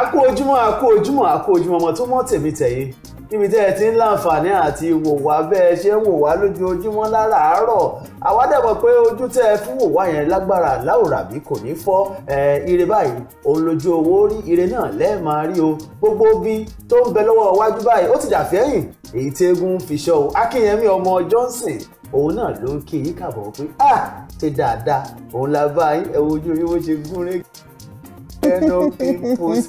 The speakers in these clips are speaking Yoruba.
akú ojúmọ́ akú ojúmọ́ akú ojúmọ́ ọmọ tó mọ́ tèmi tẹ̀yìn níbi tẹ́ ẹ ti ń láǹfààní àti wò wá bẹ́ẹ̀ ṣe ń wò wá lójoojúmọ́ láràárọ̀ àwa dẹ̀ mọ̀ pé ojú tẹ́ ẹ fún wò wá yẹn lágbára láwùrà bí kò ní fọ́ ẹ ire báyìí òun lójú owó rí ire náà lẹ́ẹ̀ máa rí o gbogbo bí tó ń bẹ lọ́wọ́ iwájú báyìí ó ti dàfẹ́yìn èyí tẹ́gùn fi ṣọ́ o akínyẹmí ọmọ Johnson òun náà ló ń kí yín pé ah ṣe dáadáa òun la bá yín ẹ wojú yín bó ṣe gún régé ẹnu pimples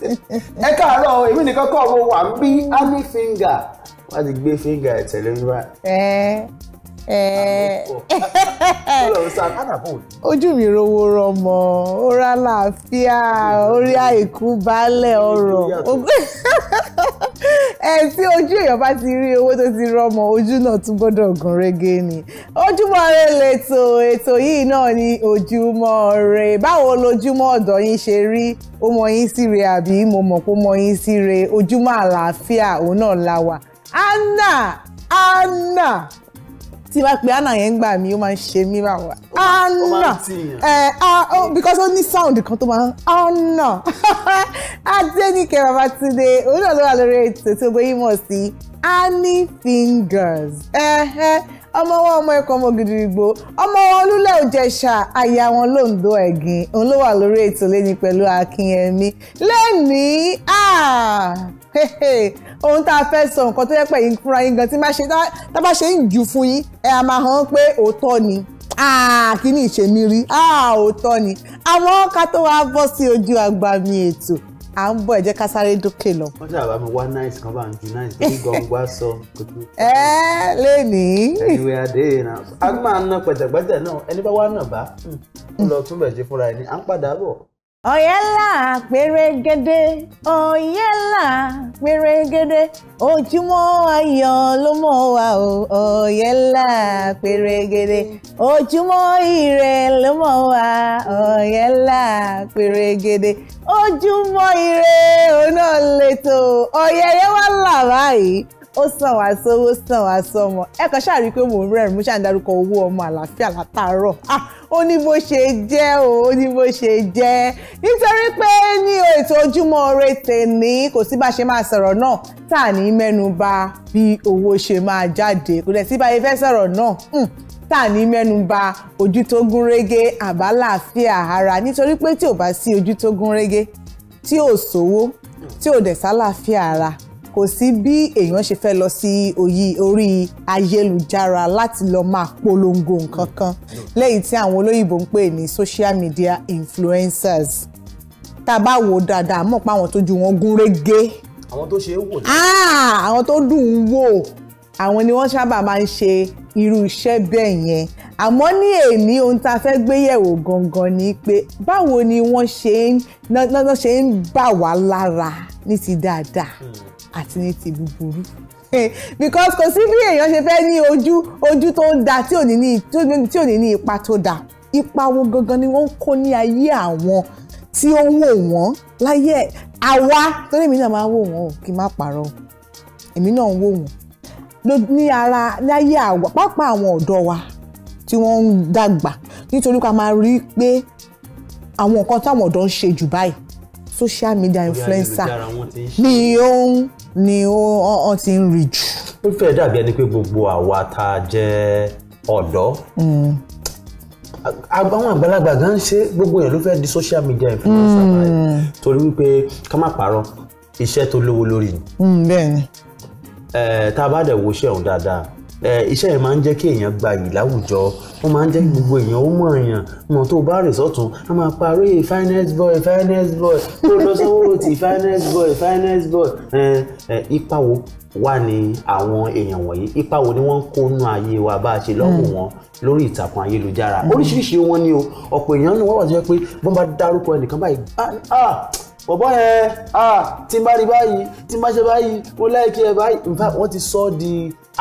ẹ káàárọ̀ èmi nìkan kọ́ mo wà ń bí army finger wọ́n ti gbé finger ẹ̀ tẹ̀lé mi Eh. ojú mi rówó rọmọ ó rà láàfíà orí àìkú balẹ̀ ọ̀rọ̀ ẹ eh, tí ojú èèyàn bá ti rí owó tó ti rọmọ ojú náà tún gbọ́dọ̀ gún régé ni ojúmọ́ ire lètò ètò yìí náà ni ojúmọ́ ire báwo lojúmọ́ ọ̀dọ̀ yín ṣe rí ó mọ yín síre àbí mo mọ̀ pé ó mọ yín síre ojúmọ́ àlàáfíà òun náà la wà anna anna tí bá pe anna yẹn gbà mí ó máa ń ṣe mí bá wa anna ẹ because ó ní sound kan tó máa ń anna adéníkẹ́ babatunde òun náà ló wà lórí ètò tó gbé yín mọ̀ sí honey fingers. Eh, eh ọmọ wọn ọmọ ẹ̀kọ́ ọmọ gidigbo ọmọ wọn olúlẹ̀ òjẹ̀ṣà aya wọn lóńdó ẹ̀gìn òun ló wà lórí ètò lẹ́ni pẹ̀lú akínyẹmí lẹ́ni ah, ohun tá a fẹ́ sọ nǹkan tó yẹ pé yín fúnra yín gan tí tá bá ṣe ń jù fún yín ẹ̀ a máa hàn pé òótọ́ ni ah, kí ni ìṣèmí rí ah, ni àwọn ká tó wá bọ́ sí ojú agbami ètò à ń bọ̀ ẹ jẹ́ ká sáré dókè lọ. wọ́n ṣe àbámu wá náìsì kan bá ń ju náìsì tó gbọ̀ngbà sọ. ẹ lè ní. ẹniwé adé náà a máa ná pẹ̀tẹ̀pẹ̀tẹ̀ náà ẹni bá wà náà bá hmm. lọ túnbẹ̀ ṣe fúnra ẹni à ń padà bọ̀ ọ̀yẹ́là pérégedé ọ̀yẹ́là pérégedé ojúmọ́ ayọ̀ ló mọ́ wa o ọ̀yẹ́là pérégedé ojúmọ́ ire ló mọ́ wa ọ̀yẹ́là pérégedé ojúmọ́ ire ọ̀nà lẹ́tọ̀ ọ̀yẹ́yẹ́ wà là báyìí ó sàn wá sówó sàn wá sọmọ ẹ kàn ṣáà rí i pé mò ń rẹ́rìn mú ṣáà ń darúkọ owó ọmọ àlàáfíà látàárọ̀ ah, ó ní bó ṣe jẹ́ o ó ní bó ṣe jẹ́ nítorí pé ní ètò ojúmọ́ ire tèmi kò sí bá ṣe máa sọ̀rọ̀ náà tá à ní mẹ́nu bà bí owó ṣe máa jáde kò dẹ̀ sí bá yẹ fẹ́ sọ̀rọ̀ náà tá à ní mẹ́nu bà ojú tó gún régé àbálàáfíà ara nítorí pé tí ò bá sí ojú tó gún régé tí ò sówó tí ò dẹ̀ sálàáfíà ara kò sí bí èèyàn ṣe fẹ́ lọ sí òyì orí ayélujára láti lọ máa polongo nǹkan kan lẹ́yìn tí àwọn olóyìnbó ń pè ní social media influencers tá a bá wò dáadáa mọ̀ pé àwọn tójú wọn gún régé àwọn tó ṣe é wò. Ah, àwọn tó dùn ún wò àwọn ni wọ́n sábà máa ń ṣe irú iṣẹ́ bẹ́ẹ̀ yẹn àmọ́ ní èmi ohun tá a fẹ́ gbé yẹ̀wò gangan ni pé báwo ni wọ́n ṣe ń bá wá lára ní ti dáadáa. Hmm àti ní ti búburú eh, because kò sí bí èèyàn ṣe fẹ́ ní ojú ojú tó da tí ò ní ní tí ò ní ní ipa tó da ipa wo gangan ni wọ́n ń kó ní ayé àwọn tí ó ń wò wọ́n láyé àwa torí èmi náà máa ń wò wọ́n o kí n má parọ́ èmi náà ń wò wọ́n ní ara láyé àwa pápá àwọn ọ̀dọ́ wa tí wọ́n ń dàgbà nítorí ká máa rí i pé àwọn nǹkan táwọn ọ̀dọ́ ń ṣe jù báyìí social media influencer ni ó ń ni ó ti ń rí jù. ó fẹ́ dàbí ẹni pé gbogbo àwa tá a jẹ́ ọ̀dọ́ mm. àwọn àgbàlagbà gan ń ṣe gbogbo yẹn ló fẹ́ di social media influencer mm. báyìí torí wípé ká má parọ́ iṣẹ́ tó lówó lórí ni. Mm, bẹ́ẹ̀ ni. tá a bá dẹ̀ wo iṣẹ́ òun dáadáa iṣẹ́ yẹn máa ń jẹ́ kí èèyàn gba yìí láwùjọ ó máa ń jẹ́ gbogbo èèyàn ó mọ̀ èèyàn mọ̀ tó bá rè sọ́tún a máa parí finance boy finance boy tó lọ sanwó ti finance boy finance boy ipa wo wà ní àwọn èèyàn wọ̀nyí ipa wo ni wọ́n ń kó nú ayé wa bá a ṣe lọ́gùn hmm. wọn lórí ìtàkùn ayélujára hmm. oríṣiríṣi wọn ni o ọ̀pọ̀ èèyàn ni wọ́n wà tó yẹ pé bọ́n bá dárúkọ ẹnìkan báyìí ah, ah bọ̀bọ̀ yẹn ah tí n bá rí báyìí tí n bá ṣe báyìí mo láìkí ẹ báyìí in fact wọ́n ti sọ ọ́ di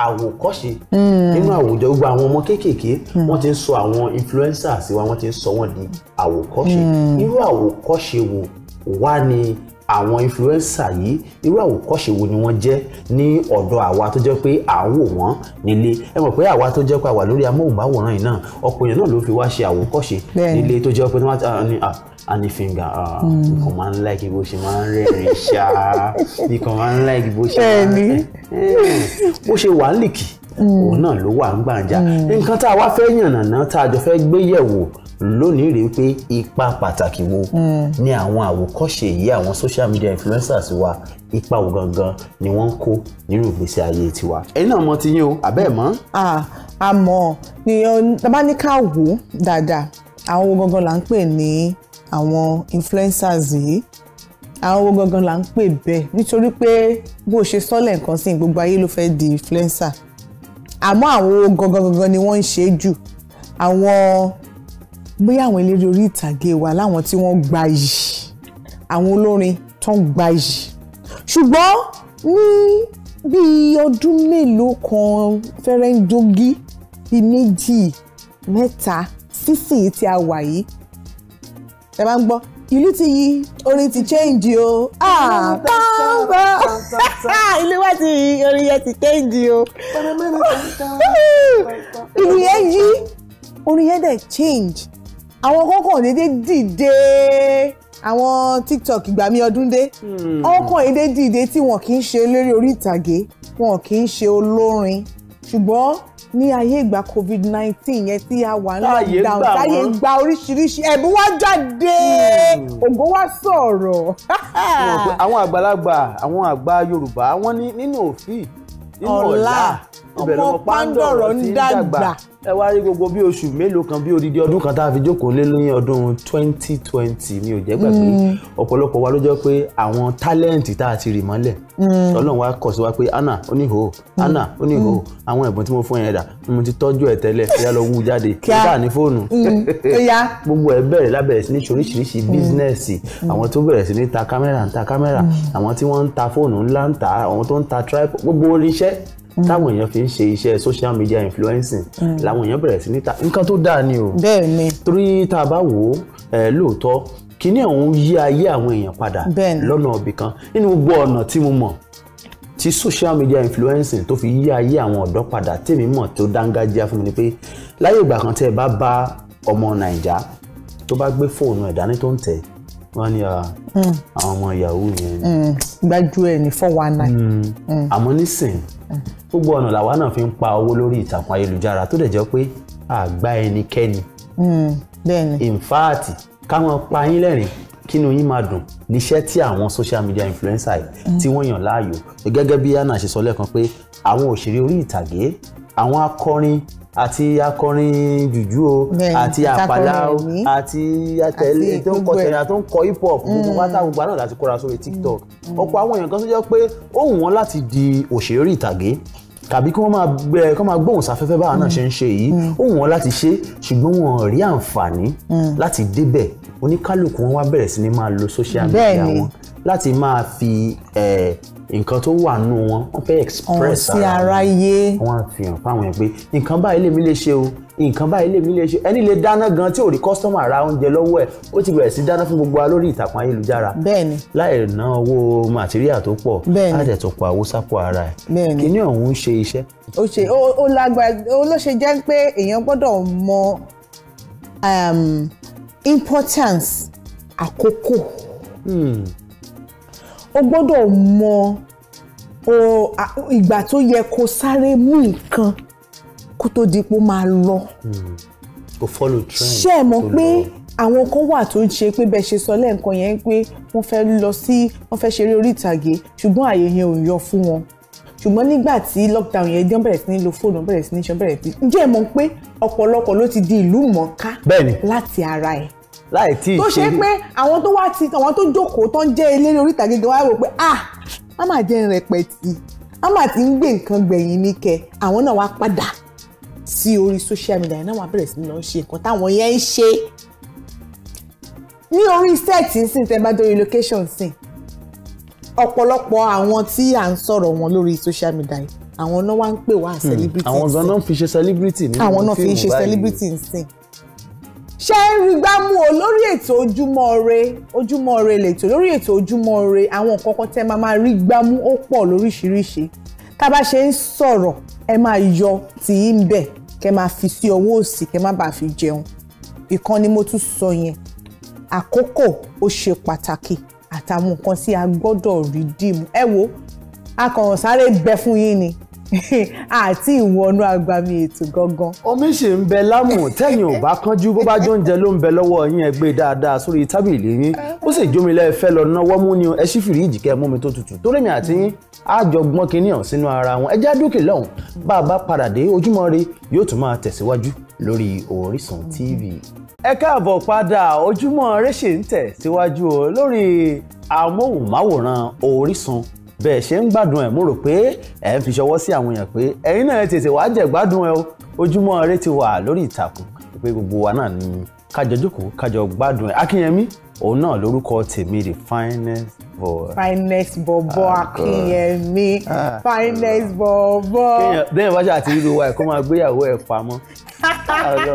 àwòkọ́ṣe hmm. nínú àwùjọ gbogbo àwọn ọmọ kéékèèké hmm. wọ́n ti ń sọ àwọn influencers wa wọ́n ti ń sọ wọ́n di àwòkọ́ṣe hmm. irú àwòkọ́ṣe wo wá ni àwọn influencer yìí irú àwòkọ́ṣe wo ni wọ́n jẹ́ ní ọ̀dọ̀ àwa tó jẹ́ pé à ń wò wọ́n nílé ẹ mọ̀ pé àwa tó jẹ́ pé àwa lórí amóhùnmáwòrán yìí náà ọ̀pọ̀ náà ló fi wá ṣe àwòkọ́ṣe nílé tó jẹ́ pé wọ́n ní ani ah, finger ah, hmm. nǹkan máa ń like bó ṣe máa ń rẹ́rìn ṣá nǹkan máa ń like bó ṣe máa ń bó ṣe wà ń lìkì hmm. òun náà ló wà ń gbàǹjà hmm. nǹkan tá a wá fẹ́ yànnàná tá a jọ fẹ́ gbé yẹ̀wò lónìí rèé pé ipa pàtàkì wo hmm. ni àwọn àwòkọ́ṣe yìí àwọn social media influencers wa ipa wo gangan ni wọ́n ń kó nínú ìgbésí ayé tiwa. ẹ̀yin náà mọ̀ ti yín o àbẹ́ ẹ̀ mọ̀. àmọ́ ni bá ní ká wò ó dáadáa àwọn wo gangan là ń pè ní àwọn influencers yìí àwọn wo gangan là ń pè bẹ́ẹ̀ nítorí pé bó ṣe sọ́lẹ̀ nǹkan sí gbogbo ayé ló fẹ́ di influencer àmọ́ àwọn wo gangan gangan ni wọ́n ń ṣe jù àwọn bóyá àwọn eléré orí ìtàgé wa láwọn tí wọ́n gba iyì àwọn olórin tó ń gba iyì ṣùgbọ́n ní bíi ọdún mélòó kan fẹ́rẹ́ńdógí bíi méjì mẹ́ta sísìn tí a wà yìí ẹ máa ń gbọ́ ìlú ti yí orin ti change o àpáńbọ ìlú wa ti yí orin yẹn ti change o ìlú yẹn yí orin yẹn dẹ̀ change àwọn kọ́kàn dédé dìde àwọn tiktok ìgbà mi ọdún dé hmm. ọkàn èdè dìde tí wọn kì í ṣe eléré orí ìtàgé wọn kì í ṣe olórin ṣùgbọ́n ní ayé ìgbà covid nineteen yẹn tí a wà ní lockdown táyé gba oríṣiríṣi ẹ̀bùn wá jáde hmm. ògo wá sọ̀rọ̀. àwọn àgbàlagbà àwọn àgbà yorùbá wọn ní nínú òfin nínú ọ̀la ọmọ pàǹdọ̀rọ̀ ń dàgbà ẹ wá rí gbogbo bí oṣù mélòó kan bí odidi ọdún kan tá a fi jókòó lé ní ọdún twenty twenty mi ò jẹ́ gbàgbé hmm. ọ̀pọ̀lọpọ̀ wa ló jẹ́ pé àwọn tálẹ́ǹtì tá a ti rì mọ́lẹ̀ hmm. ọlọ́run wa kọ̀ sí wa pé anna oníhò hmm. anna oníhò àwọn ẹ̀bùn tí mo fún yẹn dà mo ti tọ́jú ẹ̀ tẹ́lẹ̀ kí a lọ wú jáde kí ní fóònù gbogbo ẹ̀ bẹ̀rẹ̀ lábẹ̀rẹ̀ sí ní oríṣiríṣi bísínẹ́sì àwọn tó bẹ̀rẹ̀ sí ní ta kámẹ́rà ń ta kámẹ́rà àwọn tí wọ́n ń ta fóònù ńlá ń ta àwọn tó ń ta tripod gbogbo oríṣẹ́ Mm. táwọn èèyàn fi ń ṣe iṣẹ́ social media influencing mm. làwọn èèyàn bẹ̀rẹ̀ sí níta nǹkan tó dáa ni o bẹ́ẹ̀ ni torí tá a bá wò ó lóòótọ́ kíní ọ̀hún yí ayé àwọn èèyàn padà lọ́nà ọ̀bì kan nínú gbogbo ọ̀nà tí mo mọ̀ tí social media influencing tó fi yí ayé àwọn ọ̀dọ́ padà tèmi mọ̀ tó dángájíá fún mi ni pé láyé ìgbà kan tẹ́ ẹ bá bá ọmọ nàìjà tó bá gbé fóònù ẹ̀ tó ń tẹ̀ ẹ́ wọ́n ní hmm. àwọn ọmọ yahoo yẹn. Hmm. gbájú ẹ ní four one nine. Hmm. àmọ́ nísìnyí gbogbo ọ̀nà làwa náà fi ń pa owó lórí ìtàkùn ayélujára tó dẹ̀ jẹ́ pé àgbá ẹnikẹ́ni. bẹ́ẹ̀ni. in fact káwọn pa yín lẹ́rìn kínú yín máa dùn níṣẹ́ tí àwọn social media influencer yìí tí wọ́n yàn láàyò gẹ́gẹ́ bí anna ṣe sọ lẹ́ẹ̀kan pé àwọn òṣèré orí ìtàgé àwọn akọrin àti akọrin jùjú o àti àpàlà o àti àtẹlẹ tó ń kọ tẹ̀lé tó ń kọ hip hop gbogbo pátá mm. gbogbo àná láti kóra sórí tiktok mm. ọ̀pọ̀ àwọn èèyàn kan tó jẹ́ pé ó wù wọ́n láti di òṣèré ìtàgé tàbí kí wọ́n máa gbẹ kí wọ́n máa gbóhùn sáfẹ́fẹ́ báwa náà mm. ṣe ń ṣe yìí ó wù wọ́n láti ṣe ṣùgbọ́n wọn rí àǹfààní láti débẹ̀ oníkálùkù wọn wá bẹ̀rẹ̀ sí ni máa lo social media wọn láti máa fi eh, nǹkan tó wà nù wọn wọ́n fẹ́ express ara wọn sí aráyé wọ́n á fi hàn fáwọn yẹn pé nǹkan báyìí lèmi lè ṣe o nǹkan báyìí lèmi lè ṣe ẹni lè dáná gan tí ò rí kọ́sítọ́mà ra oúnjẹ lọ́wọ́ ẹ̀ ó ti bẹ̀rẹ̀ sí dáná fún gbogbo wa lórí ìtàkùn ayélujára bẹ́ẹ̀ni láì ná owó màtíríà tó pọ̀ bẹ́ẹ̀ni láti ẹ̀tọ́ pa owó sápò ara ẹ̀ bẹ́ẹ̀ni kíní ọ̀hún ń ṣe iṣẹ́. ó ṣe o lágbára o lo ṣe jẹ́ pé èèyàn gbọ́dọ̀ mọ um, importance àkókò. Hmm o gbọ́dọ̀ mọ ìgbà tó yẹ kó sáré mú nǹkan kó tó di pé ó máa lọ. Hmm. o follow trend ṣé ẹ mọ̀ pé àwọn kan wà tó ń ṣe pé bẹ́ẹ̀ ṣe sọ lẹ́ẹ̀kan yẹn pé wọ́n fẹ́ lọ sí wọ́n fẹ́ ṣeré orí ìtàgé ṣùgbọ́n àyè yẹn ò yọ fún wọn ṣùgbọ́n nígbà tí lockdown yẹn dé bẹ̀rẹ̀ sí ní lo fóònù bẹ̀rẹ̀ sí ní ṣan bẹ̀rẹ̀ sí ní ǹjẹ́ ẹ mọ̀ pé ọ̀pọ̀lọpọ̀ ló ti di ìlú mọ̀ọ́ká láti ara ẹ̀ láì tí ì ṣe tó ṣe pé àwọn tó wá ti àwọn tó jókòó tó ń jẹ́ eléré orí ìtàgé gan wá rò pé ah a máa jẹ́ rẹpẹtì a máa ti ń gbé nǹkan gbẹ̀yìn ní kẹ àwọn náà wá padà sí orí social media náà wá bẹ̀rẹ̀ sí ní lọ ṣe nǹkan táwọn yẹn ń ṣe ní orí sẹ́ẹ̀tì ń sìn tẹ́ bá dórí location sìn ọ̀pọ̀lọpọ̀ àwọn tí à ń sọ̀rọ̀ wọn lórí social media yìí àwọn náà wá ń pè wá hmm, celebrity. àwọn gan náà fi ṣe celebrity. àwọn náà fi ṣe celebrity ń ṣe rígbá mú o lórí ètò ojúmọ́ ire ojúmọ́ ire lètò lórí ètò ojúmọ́ ire àwọn kọ́kọ́ tẹ́ máa máa rígbá mú ó pọ̀ lóríṣiríṣi tá a bá ṣe ń sọ̀rọ̀ ẹ máa yọ tì í ń bẹ̀ kẹ́ máa fi sí ọwọ́ òsì kẹ́ má bàa fi jẹun ìkan ni mo tún sọ yẹn àkókò ó ṣe pàtàkì àtàwọn nǹkan tí a gbọ́dọ̀ rí dìmú ẹ wo a sáré bẹ fún yín ni àti ìwọnú agbami ètò gangan. omi ṣì ń bẹ lámù tẹ́yìn ò bá kánjú bó bá jóúnjẹ ló ń bẹ lọ́wọ́ yín ẹ gbé dáadáa sórí tábìlì yín ó sì jómi lẹ́ẹ̀fẹ́ lọ náwó mú ni ẹ sì fìrí ìjìkẹ́ mú mi tó tutù torí mi àti yín àjọ gbọ́n kínní hàn sínú ara wọn ẹ já dúkì lọ́hùn bá a bá padà dé ojúmọ́ ire yóò tún máa tẹ̀síwájú lórí Orísun TV. ẹ káàbọ̀ padà ojúmọ́ ire ṣì ń tẹ̀síwájú lórí amóhùnmáwòrán Orísun bẹ́ẹ̀ ṣe ń gbádùn ẹ̀ mo rò pé ẹ̀ ń fi ṣọwọ́ sí àwọn èèyàn pé ẹ̀yin náà tètè wàá jẹ̀ gbádùn o ojúmọ́ ti wà lórí ìtàkùn pé gbogbo wa náà ni kájọ jókòó kájọ gbádùn ẹ̀ akínyẹmí òun náà lórúkọ tèmi the finest boy. finest bọ̀bọ̀ ah, akínyẹmí ah. finest bọ̀bọ̀. bẹ́ẹ̀ bá wa ẹ̀ kó máa gbéyàwó ẹ̀ pamọ́ ẹbẹ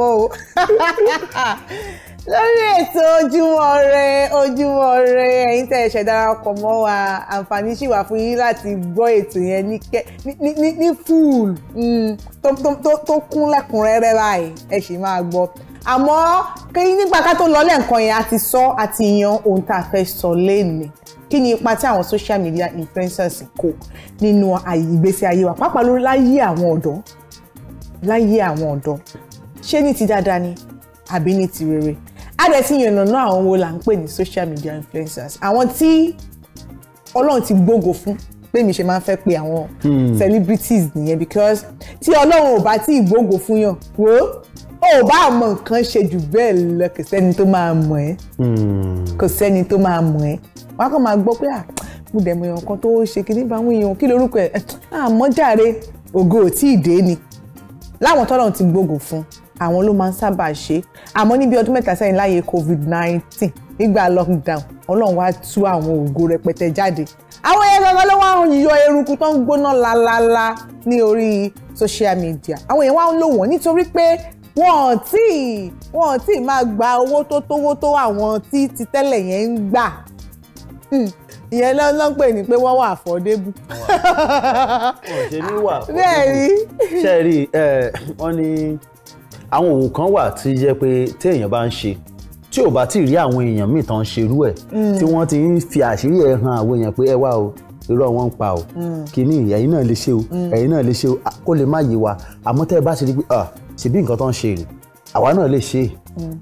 o. lórí ètò ojúmọ́ rẹ ojúmọ́ rẹ ẹ̀yin tẹ́ ẹ ṣẹ̀ darapọ̀ mọ́ wa àǹfààní ṣì wà fún yín láti gbọ́ ètò yẹn ní kẹ ní ní ní fúùl mm, tó kún lẹ́kùnrẹ́rẹ́ báyìí ẹ sì máa gbọ́ àmọ́ kí nípa ká tó lọ lẹ́ǹkan yẹn a ti sọ a ti yan ohun tá a fẹ́ sọ lẹ́nu kí ni ipa tí àwọn social media influencers kó nínú ìgbésí ayé wa pàápàá lórí láyé àwọn ọ̀dọ́ láyé àwọn ọ̀dọ́ ṣé ní ti dáadáa ni àbí ní ti rere á dẹ̀ ti yànnàná àwọn wo là ń pè ní social media influencers àwọn tí ọlọ́run ti gbógo fún pé mi ṣe máa ń fẹ́ pe àwọn hmm. celebrities nìyẹn because tí ọlọ́run ò bá tí ì gbógo fún yàn wò ó ò bá mọ nǹkan ṣe jù bẹ́ẹ̀ lọ kò sẹ́ni tó máa mọ̀ ẹ́ hmm. kò sẹ́ni tó máa mọ̀ ẹ́ wọ́n á kàn máa gbọ́ pé à ah, mo dẹ̀ mọ èèyàn kan tó ṣe kí nípa àwọn èèyàn kí lorúkọ ẹ̀ àmọ́ jàre ògo ò tí ì dé ni láwọn tọ́lọ́run ti gbógo fún àwọn ló máa ń sábà ṣe àmọ́ níbi ọdún mẹ́ta sẹ́yìn láàyè covid nineteen nígbà lockdown ọlọ́run wá tú àwọn ògo rẹpẹtẹ jáde àwọn èèyàn gangan ló wá ń yọ eruku tó ń gbóná lálálá ní orí social media àwọn èèyàn wá ń lò wọ́n nítorí pé wọn tí wọn tí máa gba owó tó tówó tó àwọn tí ti tẹ́lẹ̀ yẹn ń gbà hmm, ìyẹn ló ló ń pè ní pé wọ́n wà affordable. wọ́n ṣe wà affordable bẹ́ẹ̀ ni. ṣe rí wọ́n ní àwọn òwò kan wà tí jẹ́ pé téèyàn bá ń ṣe tí ò bá tí ì rí àwọn èèyàn míì tán ṣe ẹ̀ mm. tí wọ́n ti ń fi àṣírí ẹ̀ hàn àwọn èèyàn pé ẹ wá o irọ́ wọn pa o mm. kìíní ẹ̀yin náà lè ṣe o mm. ẹ̀yin náà lè ṣe o kó lè má yé wa àmọ́ tẹ́ ẹ bá ṣe rí pé ah ṣèbí nǹkan tán ṣe rè àwa náà lè ṣe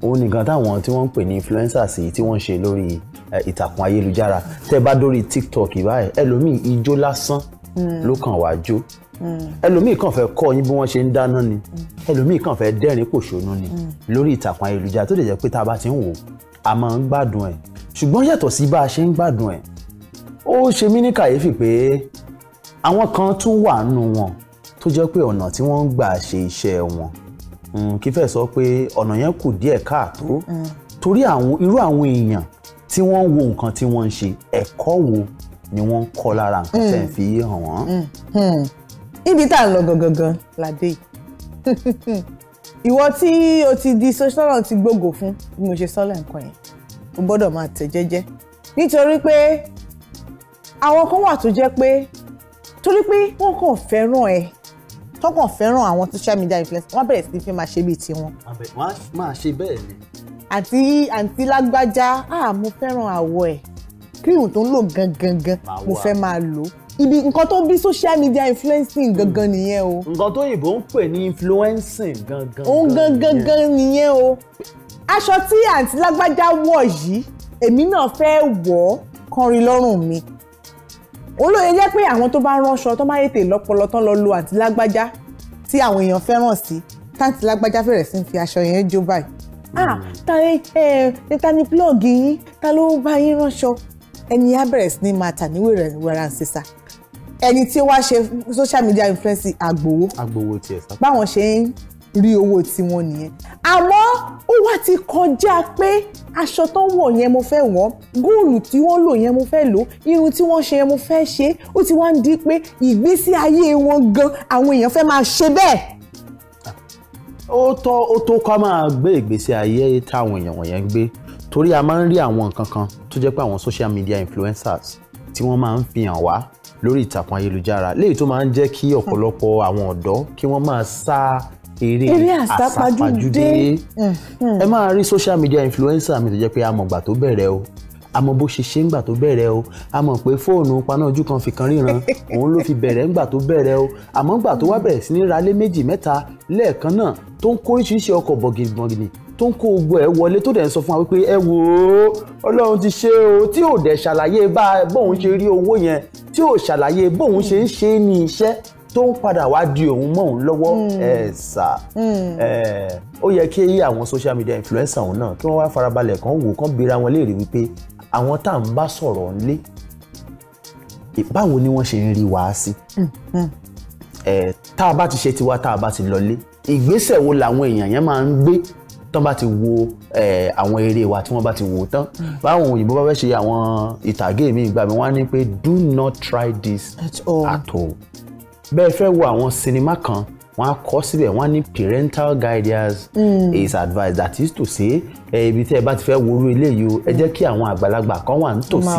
òun nìkan táwọn tí wọ́n ń pè ní influencers yìí tí wọ́n ń ṣe lórí ìtàkùn ayélujára tẹ́ ẹ bá dórí TikTok ìbáyìí ẹlòmíì ijó lásán ló kàn wá jó ẹlòmíì kàn fẹ́ kọ́ yín bí wọ́n ṣe ń dáná ni ẹlòmíì kàn fẹ́ dẹ́rìn pòṣónú ni lórí ìtàkùn ayélujára tó lè jẹ́ pé tá a bá ti ń wò a máa ń gbádùn ẹ̀ ṣùgbọ́n yàtọ̀ sí bá a ṣe ń gbádùn ẹ̀ ó ṣe mí ní kàyéfì pé àwọn kan tún wà nù wọn tó jẹ́ pé ọ̀nà tí wọ́n ń gbà ṣe iṣẹ́ wọn hmm, kí fẹ́ sọ pé ọ̀nà yẹn kù díẹ̀ káàtó torí irú àwọn èèyàn tí wọ́n ń wo nǹkan tí wọ́n ń ṣe ẹ̀kọ́ wo ni wọ́n ń kọ́ lára nǹkan tẹ̀ fi hàn wọ́n níbi tá à ń lọ gangan ládé yìí ìwọ tí o ti di sọ́nà ti gbogbo fún bí mo ṣe sọ́lẹ̀ nǹkan yẹn o gbọ́dọ̀ máa tẹ̀ jẹ́jẹ́ nítorí pé àwọn kan wà tó jẹ́ pé torí pé wọ́n kàn fẹ́ràn ẹ tó kàn fẹ́ràn àwọn social media influencers wọ́n bẹ̀rẹ̀ sí ní fi máa ṣe bíi tiwọn. wọ́n á máa ṣe bẹ́ẹ̀ ni. àti àǹtí lágbájá ah mo fẹ́ràn àwọ̀ ẹ̀ kírìmù tó ń lò gangan mo fẹ́ máa lò ó ibi nǹkan tó bí social media influencing gangan nìyẹn o. nǹkan tó yìnbó ń pè ní influencing gangan. òun gangan gangan nìyẹn o. aṣọ tí àǹtí lágbájá wọ̀ yìí èmi náà fẹ́ wọ̀ ọ́ kọrin lọ́rùn mi. òun ló yẹ jẹ́ pé àwọn tó bá ránṣọ tó máa yètè lọ́pọlọ tán lọ lo àǹtí lágbájá tí àwọn èèyàn fẹ́ràn sí táǹtí lágbájá fẹ̀rẹ̀ sí fi aṣọ yẹn jó báyìí. Hmm. ah ta ni ta ni plọ́ọ̀gì yín ta ló bá yín ránṣọ ẹni á bẹ̀rẹ̀ sí ní máa tà níwèrè wẹ̀rẹ̀ àǹsẹ̀sà ẹni tí wàá ṣe social media influencer àgbòwò àgbòwò tiẹ̀ sábà báwọn ṣe ń rí owó tiwọn nìyẹn àmọ́ ó wá ti kọjá pé aṣọ tó ń yẹn mo fẹ́ wọ̀ góòlù tí wọ́n lò yẹn mo fẹ́ lò irun tí wọ́n ṣe yẹn mo fẹ́ ṣe ó ti wá ń di pé ìgbésí ayé wọn gan àwọn èèyàn fẹ́ máa ṣe bẹ́ẹ̀ ó tó ó tó ká máa gbé ìgbésí ayé táwọn èèyàn wọ̀nyẹn ń gbé torí a máa ń rí àwọn nǹkan kan tó jẹ́ pé àwọn social media influencers tí wọ́n máa ń fi wá lórí ìtàkùn ayélujára léyìí tó máa ń jẹ́ kí ọ̀pọ̀lọpọ̀ àwọn ọ̀dọ́ kí wọ́n máa sá eré àsápajúdé mm-hmm. ẹ máa rí social media influencer mi tó jẹ́ pé amọ̀gbà tó bẹ̀rẹ̀ o àmọ́ bó ṣe ṣe ń gbà tó bẹ̀rẹ̀ o àmọ́ pé fóònù paná ojú kan fi kan ríran òun ló fi bẹ̀rẹ̀ ń gbà tó bẹ̀rẹ̀ o àmọ́ gbà tó wá bẹ̀rẹ̀ sí ní ralé méjì mẹ́ta lẹ́ẹ̀kan náà tó ń kó oríṣiríṣi ọkọ̀ bọ̀gìnìbọ̀gìnì tó ń kó gbogbo ẹ̀ wọlé tó dẹ̀ ń sọ fún wa wípé ẹ wò ó ọlọ́run ti ṣe o tí ò dẹ̀ ṣàlàyé bá bóun ṣe rí owó yẹn tí ò ṣàlàyé bóun ṣe ń ṣe ní iṣẹ́ tó ń padà wá di òun mọ́ òun lọ́wọ́ hmm. ẹ̀ sà hmm. ó yẹ kí àwọn social media influencer òun náà kí wọ́n wá farabalẹ̀ kan wò kán bira wọn léèrè wípé àwọn tá à ń bá sọ̀rọ̀ ńlé báwo ni wọ́n ṣe ń rí wá sí hmm. tá a bá ti ṣe tiwa tá a bá ti lọlé ìgbésẹ̀ wo làwọn èèyàn yẹn máa ń gbé tán bá ti wo àwọn eré wa tí wọ́n bá ti wò tán báwọn òyìnbó bá fẹ́ ṣe àwọn ìtàgé mi ìgbà mi wọ́n á ní pé do not try this at all, at all. bẹ́ẹ̀ fẹ́ wo àwọn sinimá kan wọ́n á kọ síbẹ̀ wọ́n á ní parental guidance hmm. is advised that is to say ibi tí ẹ bá ti fẹ́ worú eléyìí o ẹ jẹ́ kí àwọn àgbàlagbà kan wà nítòsí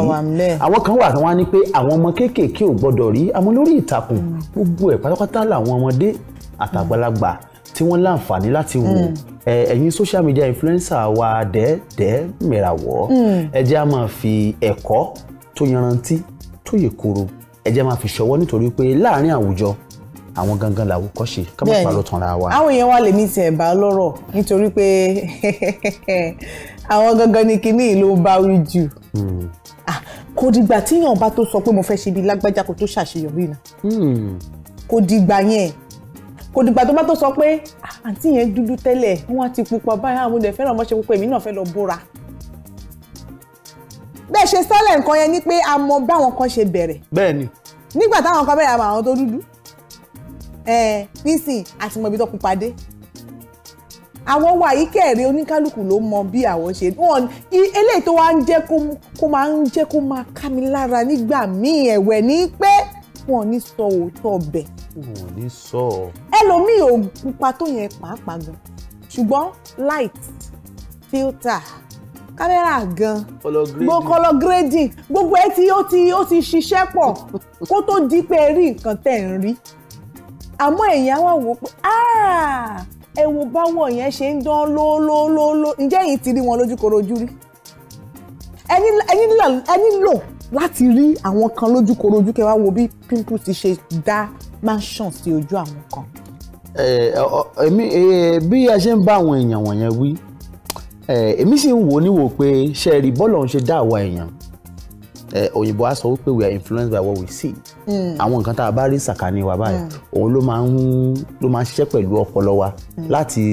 àwọn kan wà tí wọ́n á ní pé àwọn ọmọ kéékèèké ò gbọ́dọ̀ rí àmọ́ lórí ìtàkùn hmm. gbogbo ẹ̀ pátápátá làwọn ọmọdé àtàgbàlagbà. Mm tí wọ́n láǹfààní láti wò hmm. ẹ̀yin social media influencer wa dẹ́ẹ̀dẹ́ mìràwọ̀ hmm. ẹ jẹ́ á máa fi ẹ̀kọ́ tó yanrantí tó yè koro ẹ jẹ́ á máa fi ṣọwọ́ nítorí pé láàárín àwùjọ àwọn gangan làwòkọ́ṣe ká má parọ́ tanra wa. àwọn èèyàn wa lè mí tiẹ̀ bá lọ́rọ̀ nítorí pé àwọn gangan ni kinní ló ń bá wí jù. Hmm. kò dìgbà tíyàn bá tó sọ pé mo fẹ́ ṣe bí lágbájá kó tó ṣàṣeyọrí náà kò dìgbà yẹn kò dìgbà tó bá tó sọ pé ah, àǹtí yẹn dúdú tẹ́lẹ̀ wọ́n á ti pupa báyìí àwọn ọmọdé fẹ́ràn ọmọṣẹ́ pupa èmi náà fẹ́ lọ bóra. bẹ́ẹ̀ ṣe sọ́lẹ̀ nǹkan yẹn ni pé a mọ báwọn kan ṣe bẹ̀rẹ̀. bẹ́ẹ̀ni. nígbà táwọn kan bẹ̀rẹ̀ àwọn tó dúdú ẹ̀ẹ́n nísìn àti mọ ibi tó pupa dé. àwọn wà yìí kẹ̀rẹ́ oníkálukú ló mọ bí àwọn ṣe wọn eléyìí tó wá ń jẹ́ kó máa ń jẹ́ kó máa ká mi lára nígbà míì ẹ̀wẹ̀ ní pé wọn ò ní sọ òótọ́ ọbẹ̀. wọn ò ní sọ ọ. ẹlòmíì ò pupa tó yẹn pàápàá gan ṣùgbọ́n light filter kámẹ́rà gan gbogbo color grading gbogbo ẹ ti ó ti ó ti ṣiṣẹ́ pọ̀ kó tó di pé rí nǹkan tẹ̀ ń rí àmọ́ èèyàn wà wò pé ah, ẹ wo báwọ̀ yẹn ṣe ń dán lólólóló ǹjẹ́ yìí ti rí wọn lójúkorojú rí ẹni lò láti rí àwọn kan lójúkorojú kẹ́ wá wo bí pimples ti ṣe dá mansion sí ojú àwọn kan. èmi bí a ṣe ń bá àwọn èèyàn wọ̀nyẹn wí èmi sì ń wò ó níwò pé ṣe rí bọ́ọ̀lù ọ̀hún ṣe dá àwa èèyàn òyìnbó á sọ wípé we are influenced by what we see hmm. àwọn nǹkan tá a bá rí sàkání wa báyìí hmm. òun ló máa ń ló máa ń ṣiṣẹ́ pẹ̀lú ọpọlọ wa hmm. láti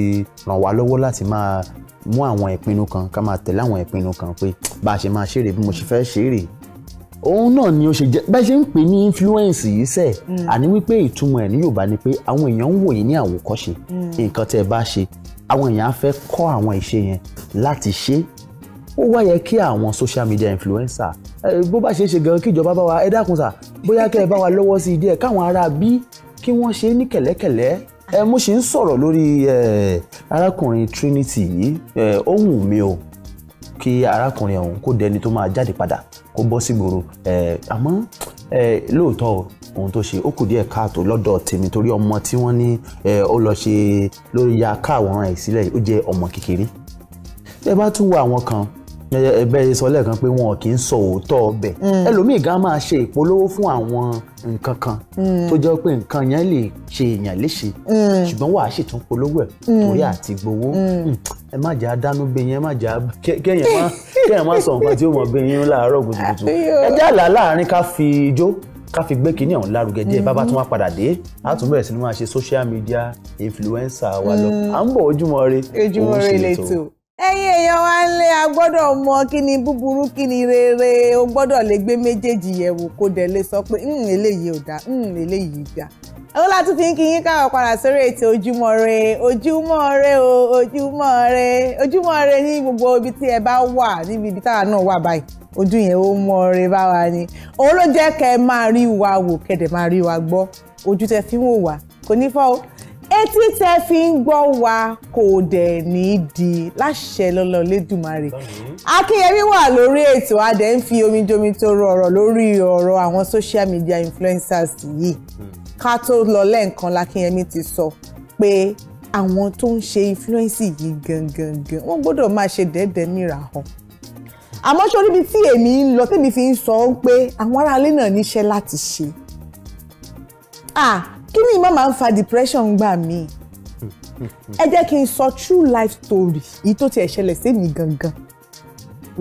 ràn wá lọ́wọ́ láti máa mú àwọn ìpinnu kan ká máa tẹ̀lé àwọn ìpinnu kan pé bá a ṣe máa ṣeré bí mo ṣe fẹ́ ṣeré òun náà ni ó ṣe jẹ bẹ́ẹ̀ ṣe ń pè ní influence yìí sẹ̀ mm. àní wípé ìtumọ̀ ẹ̀ ní Yorùbá ni pé àwọn èèyàn ń wò yín ní àwòkọ́ṣe mm. nǹkan tẹ́ ẹ bá ṣe àwọn èèyàn á fẹ́ kọ́ àwọn ìṣe yẹn láti ṣe ó wá kí àwọn social media influencer bó bá ṣe é ṣe gan kí ìjọba bá wa ẹ dákun sà bóyá kẹ́ ẹ bá wa lọ́wọ́ sí i díẹ̀ káwọn ará bí kí wọ́n ṣe é ní kẹ̀lẹ́kẹ̀lẹ́ ẹ mo ṣì ń sọ̀rọ̀ lórí arákùnrin Trinity yìí ó wù mí o kí arákùnrin ọ̀hún kó dẹni tó máa jáde padà kó bọ́ sígboro àmọ́ lóòótọ́ ohun tó ṣe ó kù díẹ̀ káàtó lọ́dọ̀ tèmi torí ọmọ tí wọ́n ní ó lọ ṣe lórí ya káàwòrán ẹ̀ sílẹ̀ ó jẹ́ ọmọ kékeré ẹ bá tún wo àwọn kan ẹbẹ yìí sọ lẹ́ẹ̀kan pé wọn kì í sọ òótọ́ ọbẹ̀ mm. ẹlòmíì gan máa ṣe ìpolówó fún àwọn nǹkan kan mm. tó jẹ́ pé nǹkan yẹn lè ṣe èèyàn léṣe mm. ṣùgbọ́n wàá ṣètún polówó ẹ̀ torí àti gbowó hmm ẹ má jà á dánú bẹyìn ẹ má jà á kéèyàn má kéèyàn má sọ nǹkan tí ó mọ bẹyìn láàárọ̀ kùtùkùtù ẹ já là láàrin ká fi ijó ká fi gbé kínní ọ̀hún lárugẹ díẹ̀ bá bá tún wá padà dé a tún bẹ̀rẹ̀ sí ni máa ṣe social media influencer wa lọ hmm. à ń bọ̀ Ojúmọ́ Ire Ojúmọ́ Ire lẹ́tọ̀ọ́. Eyi èèyàn wa ń lé a gbọdọ mọ kí ni búburú ni rere o gbọ́dọ̀ lè gbé méjèèjì yẹ̀ wò kó dẹ̀ lè sọ pé hmm, eléyìí ò dáa hmm, eléyìí dáa àwọn láti fi ń kí yín káwọ padà sórí ètò ibi tí ẹ bá wà ibi táwa náà wà báyìí ojú yẹn ó mọ báwa ni òun ló wa wò wa gbọ ojú fi ń wò wá etí tẹ fi ń gbọ́ wa kò dẹ̀ ní di láṣẹ lọ́lọ́ lẹ́dùnmarè akínyẹmí wà lórí ètò adẹ̀ ń fi omijomi tó rọrọ̀ lórí ọ̀rọ̀ àwọn social media influencers yìí ká tó lọ lẹ́ǹkan lakínyẹmí ti sọ pé àwọn tó ń ṣe influence yìí gangan gan wọ́n gbọ́dọ̀ máa ṣe dẹ́ẹ̀dẹ́ mìíràn hàn àmọ́ sórí ibi tí èmi ń lọ tèmi fi ń sọ pé àwọn aráalé náà níṣẹ́ láti ṣe kí ni ìmọ̀ máa ń fa depression gbà mí ẹ jẹ́ kí n sọ true life story èyí tó tiẹ̀ ṣẹlẹ̀ sí mi gangan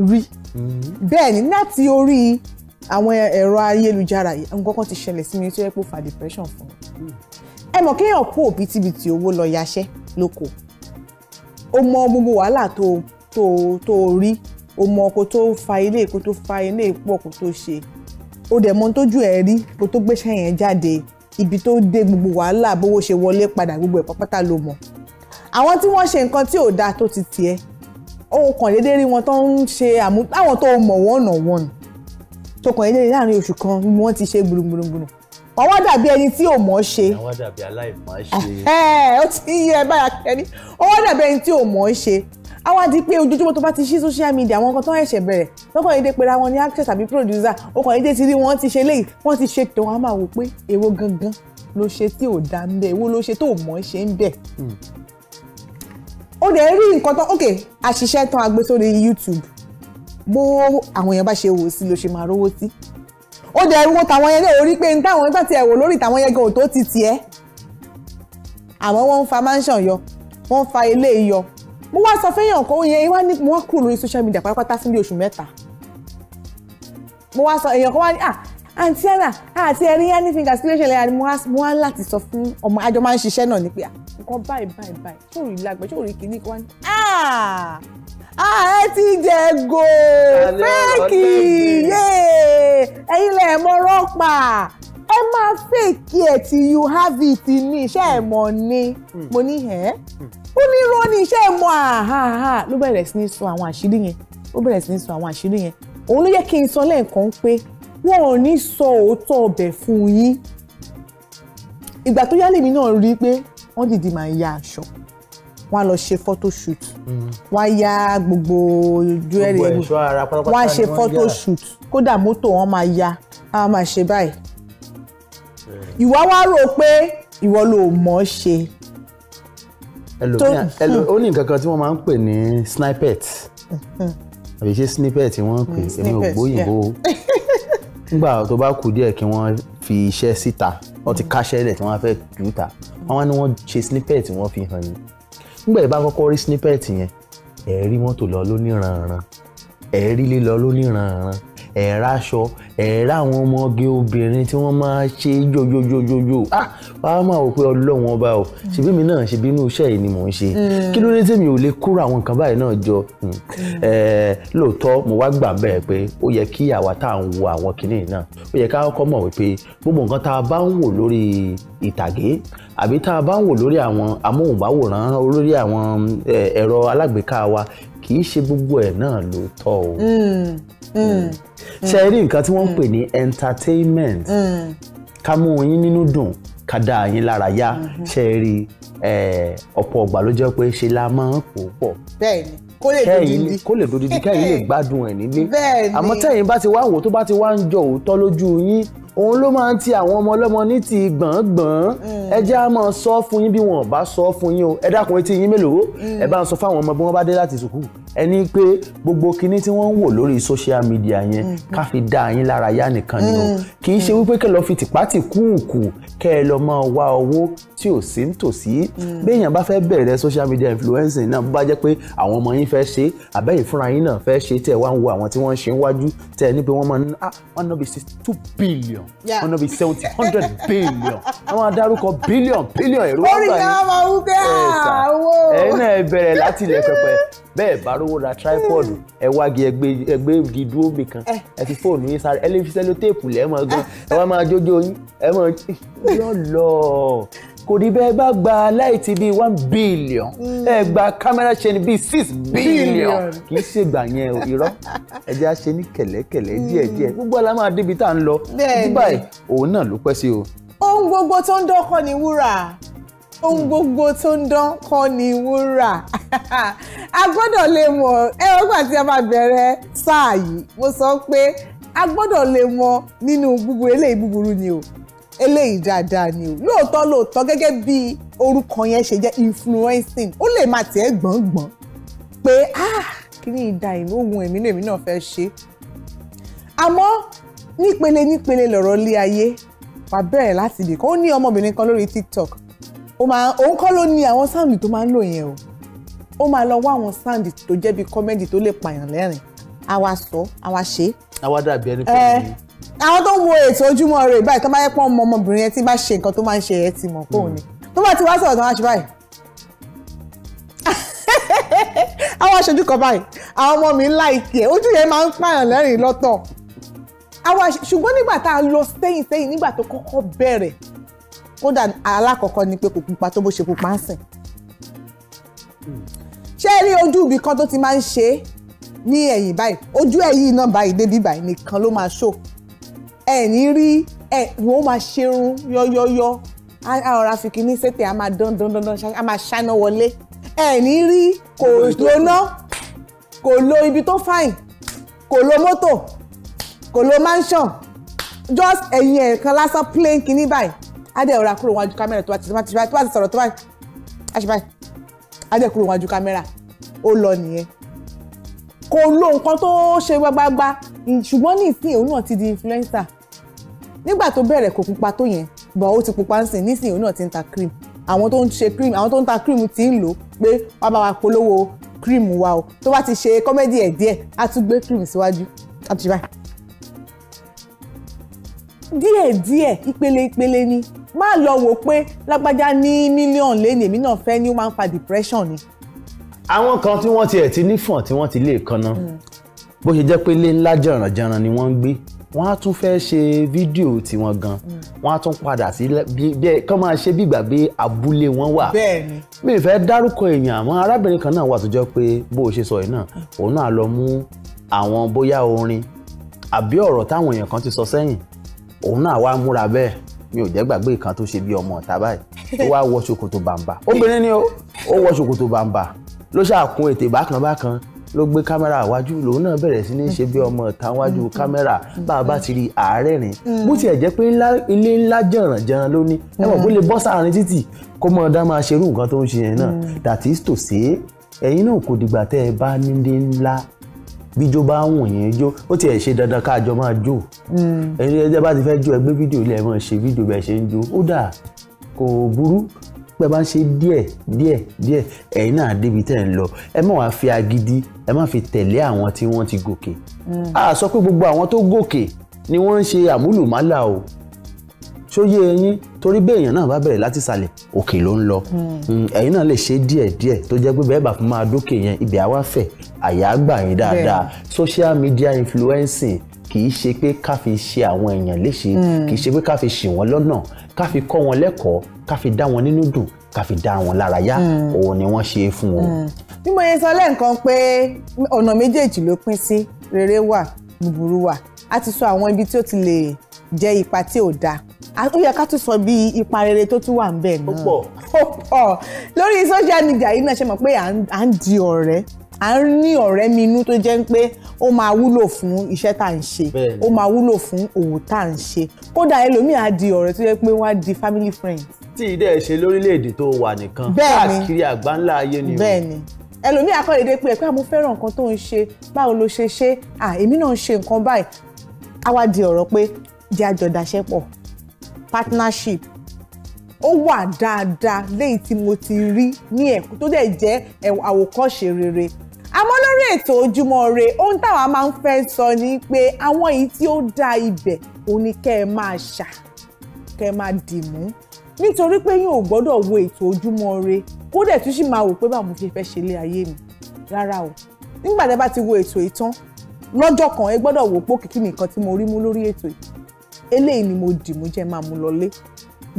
rí mm-hmm. bẹ́ẹ̀ ni láti orí àwọn ẹ̀rọ ayélujára yìí nǹkan kan ti ṣẹlẹ̀ sí mi tó yẹ kó fa depression fún mi ẹ mọ̀ kéèyàn kó òbítíbitì owó lọ yaṣẹ́ lóko o mọ gbogbo wàhálà tó tó tó rí o mọ ọkọ tó fa ilé èkó tó fa ilé ìpọ̀ kó tó ṣe o dẹ̀ mọ tójú ẹ̀ rí kó tó gbéṣẹ́ yẹn jáde ibi tó dé gbogbo wàhálà bówó ṣe wọlé padà gbogbo ẹ̀ pápátá ló mọ̀ àwọn tí wọ́n ṣe nǹkan tí ò dáa tó ti tiẹ̀ ó kàn déédé rí wọn tó ń ṣe àmú àwọn tó mọ̀ one on one tó kàn déédé láàrin oṣù kan wọ́n ti ṣe gbùrùgbùrùgbùrù wọ́n dàbí ẹni tí ò mọ̀ ṣe. wọ́n dàbí aláìmọ̀ ṣe. ó ti yẹ báyà kẹ́ni wọ́n dàbí ẹni tí ò mọ̀ ṣe á wá di pé ojoojúmọ́ tó bá ti ṣí social media àwọn nǹkan tó ń ẹ̀ṣẹ̀ bẹ̀rẹ̀ lọ́kàn yìí dé pé ra wọn ní actress àbí producer ọkàn yìí dé ti rí wọn ti ṣe léyìí wọ́n ti ṣe tó wọn á máa wò pé èwo gangan ló ṣe tí ò dá ń bẹ̀ èwo ló ṣe tó mọ̀ ṣe ń bẹ̀. ó dẹ̀ rí nǹkan tán ok àṣìṣe tán agbé sórí YouTube bó àwọn èèyàn bá ṣe wò sí ló ṣe máa rówó sí ó dẹ̀ wo tàwọn yẹn lórí pé n táwọn nígbà tí ẹ wò lórí tàwọn yẹn gan ò tó ti tiẹ̀ àmọ́ wọ́n ń fa mansion yọ wọ́n ń fa ilé yọ mo wá sọ fẹ́yàn kan yẹn wá ní mo wá lórí social media pátápátá fún bí oṣù mẹ́ta mo wá sọ èèyàn kan wá ní à àǹtí ẹ̀nà àti ẹ̀rí ẹni fi gàsílẹ̀ṣẹ̀ lẹ́yà ni mo wá láti sọ fún ọmọ àjọ máa ń ṣiṣẹ́ náà ní pé ah, nǹkan báyìí báyìí báyìí tó rí lágbẹ́ tó rí kíní kan wá ní. Ah, ah, ẹ ti jẹ go fẹ́ẹ̀kì ẹ̀yin lẹ̀ mọ́ rọ́pà ẹ máa fẹ́ẹ̀kì ẹ̀ tí you have it ní iṣẹ́ ẹ̀ mọ̀ ni hmm. mo ní ẹ̀ hmm ó ní irọ́ ni iṣẹ́ mọ́ àhàhà ló bẹ̀rẹ̀ sí ní sọ àwọn àṣírí yẹn ó bẹ̀rẹ̀ sí ní sọ àwọn àṣírí yẹn òun ló yẹ kí n sọ lẹ́ẹ̀kan pé wọn ò ní sọ òótọ́ ọbẹ̀ fún yín ìgbà tó yá lèmi náà rí i pé wọ́n dìde máa ya aṣọ wọ́n á lọ ṣe photoshoot mm. wọ́n á ya gbogbo ojú ẹ̀rí wọ́n á ṣe photoshoot kódà mọ́tò wọn máa ya á máa ṣe báyìí ìwà wa rò pé ìwọ ló mọ̀ ọ́ ṣe ẹlòmíà hmm. ó ní nǹkan kan tí wọ́n máa ń pè ní snippet hmm. àbí ṣé snippet wọ́n ń pè hmm, èmi ò gbóyìnbó nígbà tó bá kù díẹ̀ kí wọ́n fi iṣẹ́ síta wọ́n ti káṣẹ́ lẹ̀ tí wọ́n fẹ́ jù ú ta wọ́n wá ní wọ́n ṣe snippet wọ́n fi hàn yín nígbà yìí bá kọ́kọ́ rí snippet yẹn ẹ̀ rí mọ́tò lọ lóníranran ẹ̀ rí lílọ lóníranran ẹ̀ raṣọ ẹ̀ ra àwọn ọmọge obìnrin tí wọ́n máa ṣe yóyóyóyóyó ah wàá máa wò pé ọlọ́wọ́n ọba o ṣèbí mi náà ṣèbí inú iṣẹ́ yìí ni mò ń ṣe mm. kí ló dé tèmi ò lè kúrò àwọn nǹkan báyìí náà jọ hmm. mm. eh, lóòótọ́ mo wá gbà bẹ́ẹ̀ pé ó yẹ kí àwa tá à ń wo àwọn kinní náà ó yẹ ká kọ́kọ́ mọ̀ wípé gbogbo nǹkan tá a bá ń wò lórí ìtàgé àbí tá a bá ń wò lórí àwọn amóhùnmáwòrán lórí àwọn eh, ẹ̀rọ alágbèéká wa kì í ṣe gbogbo ẹ̀ náà ló o mm. Mm. Mm. ṣe rí nǹkan tí wọ́n ń pè ní entertainment mm. ká mú yín nínú dùn ká dá yín lára yá mm-hmm. ṣe rí ọ̀pọ̀ ọ̀gbà ló jẹ́ pé ṣe la máa ń pò pọ̀. bẹ́ẹ̀ni kó lè dodidi kó lè dodidi kẹ́yìn lè gbádùn ẹ̀ nílé àmọ́ tẹ́yìn bá ti wá wò tó bá ti wá ń jọ òótọ́ lójú yín òun ló máa ń ti àwọn ọmọ ọlọ́mọ ní ti gbọ̀ngbọ̀n mm. ẹ jẹ́ á máa sọ fún yín bí wọn bá sọ fún yín o ẹ dákun etí yín mélòó mm. ẹ bá ń sọ fáwọn ọmọ bí wọ́n bá dé láti sùkúù ẹ pé gbogbo kinní tí wọ́n ń wò lórí social media yẹn mm. ká fi dá yín lára yá nìkan ni o kì í ṣe wípé kẹ́ lọ fi tìpátì kúùkù kẹ́ ẹ lọ máa wá owó tí ò sí nítòsí béèyàn bá fẹ́ bẹ̀rẹ̀ social media influencing náà bó bá jẹ́ pé àwọn ọmọ yín fẹ́ ṣe àbẹ́yìn fúnra yín náà fẹ́ ṣe tẹ̀ wá ń wo àwọn tí wọ́n ń ṣe ń wájú tẹ̀ ní pé wọ́n máa ń ah, ná one hundred and sixty two billion billion wọn náà bí seventy hundred billion àwọn adarúkọ billion billion ẹ̀rọ wọn gbà yín ẹ̀ẹ́sà ẹ̀yin náà ẹ bẹ̀rẹ̀ láti ilẹ̀ pẹpẹ bẹ́ẹ̀ bá rówó ra tripod ẹ wági ẹgbẹ́ igi dúró mi kan eh. ẹ fi fóònù yín sáré ẹ lè fi sẹ́lótéèpù lẹ́ẹ̀ máa gan eh. ẹ wá máa jójó yín ẹ máa yọ̀ lọ́ọ̀ kò rí bẹ́ẹ̀ bá gba láìtì bíi one billion hmm. ẹ gba camera chain bíi six billion kì í ṣe gbà yẹn o irọ́ ẹ jẹ́ á ṣe ní kẹ̀lẹ́kẹ̀lẹ́ díẹ̀díẹ̀ hmm. gbogbo àlá máa débi tá à ń lọ Dubai òun náà ló pẹ́ sí o. ohun gbogbo tó ń dán kọ́ ni wúrà ohun hmm. gbogbo tó ń dán kọ́ ni wúrà a gbọ́dọ̀ lè mọ̀ ẹ wọ́n gbà tí a máa bẹ̀rẹ̀ sáà yìí mo sọ pé a gbọ́dọ̀ lè mọ̀ nínú búburú eléyìí búburú ni o eléyìí dáadáa ni o lóòótọ́ lóòótọ́ gẹ́gẹ́ bí orúkọ yẹn ṣe jẹ́ influencing ó lè máa tiẹ̀ gbọ̀ngbọ̀n pé ah kí ni ìdá ìmọ̀ọ́gùn èmi náà èmi náà fẹ́ ṣe àmọ́ nípele nípele lọ̀rọ̀ ilé ayé wà bẹ̀rẹ̀ láti ibì kan ó ní ọmọbìnrin kan lórí tiktok ó máa òun kọ́ ló ní àwọn sáàndì tó máa ń lò yẹn o ó máa lọ wá àwọn sáàndì tó jẹ́ bíi kọ́mẹ́dì tó lè pààyàn lẹ́rìn àwa sọ àwa ṣe. àwa dàbí ẹni pé àwọn tó ń wo ètò ojúmọ́ rè báyìí tó bá yẹ pọ́n mọ ọmọbìnrin yẹn tí bá ṣe nǹkan tó máa ń ṣe ẹ̀ ti mọ̀ pé òun ni tó bá ti wá sọ̀rọ̀ tó máa ṣe báyìí àwọn aṣojú kan báyìí àwọn ọmọ mi ń láìkí ẹ ojú yẹn máa ń pààyàn lẹ́rìn lọ́tọ̀ àwọn ṣùgbọ́n nígbà tá a lọ sẹ́yìn sẹ́yìn nígbà tó kọ́kọ́ bẹ̀rẹ̀ kódà alákọ̀ọ́kọ́ ni pé kò pupa tó bó ṣe pupa ń sìn ṣé ẹ rí ojú ibì kan tó ti máa ń ṣe ní ẹ̀yìn báyìí ojú ẹ̀yìn náà báyìí débi báyìí nìkan ló máa ṣó ẹ ní rí ẹ wọ́n máa ṣerun yọ́yọ́yọ́ ara fi kìíní sétè a máa dán dán dán a máa ṣáná wọlé ẹ ní rí kò lóná kò lo ibi tó fàìn kò lo mọ́tò kò lo mansion just ẹ̀yin ẹ̀kan lásán plain kìíní báyìí adé ọ̀rọ̀ àkúrò wájú kámẹ́rà tó bá ti tó bá ti sọ̀rọ̀ tó bá ti báyìí adé kúrò wájú kámẹ́rà ó lọ nìyẹn kò lo nǹkan tó ṣe gbagbagba ṣùgbọ́n ní ìsìn òun náà ti di influencer nígbà tó bẹ̀rẹ̀ kò pupa tó yẹn bọ̀ ó ti pupa ń sìn nísìn òun náà ti ń ta cream àwọn tó ń ṣe cream àwọn tó ń ta cream ti ń lò pé wọ́n bá wa polówó cream wa o tó bá ti ṣe kọ́mẹ́dì ẹ̀ díẹ̀ á tún gbé cream síwájú á tún ṣe báyìí. díẹ̀ díẹ̀ ìpele ìpele ni má lọ wò pé lágbájá ní mílíọ̀nù lé ní èmi náà fẹ́ ní ó máa ń fa depression ni. àwọn kan tí wọ́n ti ẹ̀ ti nífọ̀n tí wọ́n ti lè kanná hmm bó ṣe jẹ́ pé ilé ńlá jàǹrànjàǹràn ni wọ́n ń gbé wọ́n á tún fẹ́ ṣe fídíò tiwọn gan hmm. wọ́n á tún padà sí bí ẹ kán máa ṣe bí ìgbàgbé abúlé wọn wà mi ì fẹ́ dárúkọ èèyàn àmọ́ arábìnrin kan náà wà tó jẹ́ pé bó o ṣe sọ yìí náà hmm. òun náà lọ mú àwọn bóyá orin àbí ọ̀rọ̀ táwọn èèyàn kan ti sọ sẹ́yìn òun náà wá múra bẹ́ẹ̀ mi ò jẹ́ gbàgbé kan tó ṣe bí ọmọ ọ̀tá báyìí ó wá wọ ṣòkòtò bàǹbà obìnrin ni ó wọ ṣòkòtò bàǹbà ló ṣàkún ètè bákan bákan ló gbé kámẹ́rà wájú lòun náà bẹ̀rẹ̀ sí ní ṣe bí ọmọ ìta wájú mm-hmm. kámẹ́rà bá a bá ti rí àárẹ̀ rìn mm. bó tiẹ̀ jẹ́ pé ilé ńlá jẹ̀ràn jẹ̀ràn ló ní ẹ̀wọ̀n bó lè bọ́ sáàrin títì kó mọ̀ dá máa ṣerú nǹkan tó ń ṣe yẹn náà mm. that is to say ẹ̀yin náà kò dìgbà tẹ́ ẹ bá nílé ńlá bíjó bá ń wọ̀n yẹn jó ó tiẹ̀ ṣe dandan káàjọ máa jó mm. ẹ̀yin ẹ̀jẹ̀ bá ti fẹ́ jó ẹ gbé fídíò ilé ẹ̀ máa ṣe fídíò bẹ́ẹ̀ ṣe ń jó ó dà kò burú pé ẹ bá ń ṣe díẹ̀ díẹ̀ díẹ̀ ẹ̀yin náà débi tẹ́ ń lọ ẹ má wàá fi agidi. ẹ má fi tẹ̀lé àwọn tí wọ́n ti gòkè. Mm. a sọ pé gbogbo àwọn tó gòkè ni wọ́n ń ṣe àmúlùmálà o ṣóyé ẹ̀yin torí bí èèyàn náà bá bẹ̀rẹ̀ láti sàlẹ̀ òkè ló ń lọ mm. Mm, ẹ̀yin náà lè ṣe díẹ̀ díẹ̀ tó jẹ́ pé bẹ́ẹ̀ bá fún máa dókè yẹn ibẹ̀ àwa fẹ̀ àyà àgbà yẹn dáadáa social media influencing kì í ṣe pé ká fi ṣe àwọn èèyàn léṣe hmm. kì í ṣe pé ká fi ṣì wọ́n lọ́nà ká fi kọ́ wọn lẹ́kọ̀ọ́ ká fi dá wọn nínú dùn ká fi dá wọn lára yá hmm. òun ni wọ́n ṣe fún wọn. Hmm. bí mo yẹ sọ lẹ́ǹkan pé ọ̀nà méjèèjì ló pín sí rere wà búburú wà a ti sọ àwọn ibi tí ó ti lè jẹ́ ipa tí ò dáa ó yẹ ká tún sọ bí ipa rere tó tún wà ń bẹ̀ náà ó pọ̀ lórí social media yìí náà ṣe mọ̀ pé à ń di ọ̀rẹ́ à ń ní ọ̀rẹ́ mi inú tó jẹ́ pé ó máa wúlò fún iṣẹ́ tá à ń ṣe ó máa wúlò fún òwò tá à ń ṣe kódà ẹlòmíì á di ọ̀rẹ́ tó jẹ́ pé wọ́n á di family friend. tí ìdẹ́ ẹ̀ ṣe lórílẹ̀‐èdè tó wà nìkan káàkiri àgbáńlá ayé ni o ẹlòmíì akọ́lẹ̀dẹ́ pé ẹ̀pẹ́ àmú fẹ́ràn nǹkan tó ń ṣe báwo ló ṣe ṣe à èmi náà ń ṣe nǹkan báyìí á wá di ọ̀rọ̀ pé jẹ́ àjọ̀dàṣẹ́ partnership ó wà dáadáa léyìí tí mo ti rí ní ẹ̀kú tó dẹ̀ jẹ́ àwòkọ́ṣe rere àmọ́ lórí ètò ojúmọ́ ire ohun táwa máa ń fẹ́ sọ ni pé àwọn èyí tí ó dá ibẹ̀ òun ni kẹ́ ẹ máa ṣà kẹ́ ẹ máa dì mú nítorí pé yín ò gbọ́dọ̀ wo ètò ojúmọ́ ire kó dẹ̀ tún sì máa wò pé báwo ṣe fẹ́ ṣe ilé ayé mi rárá o nígbà tẹ́ bá ti wo ètò ìtàn lọ́jọ́ kan ẹ gbọ́dọ̀ wò pé kìkì nìkan tí mo rí mú lórí ètò yìí eléyìí ni mo dì mú jẹ́ máa mú lọlé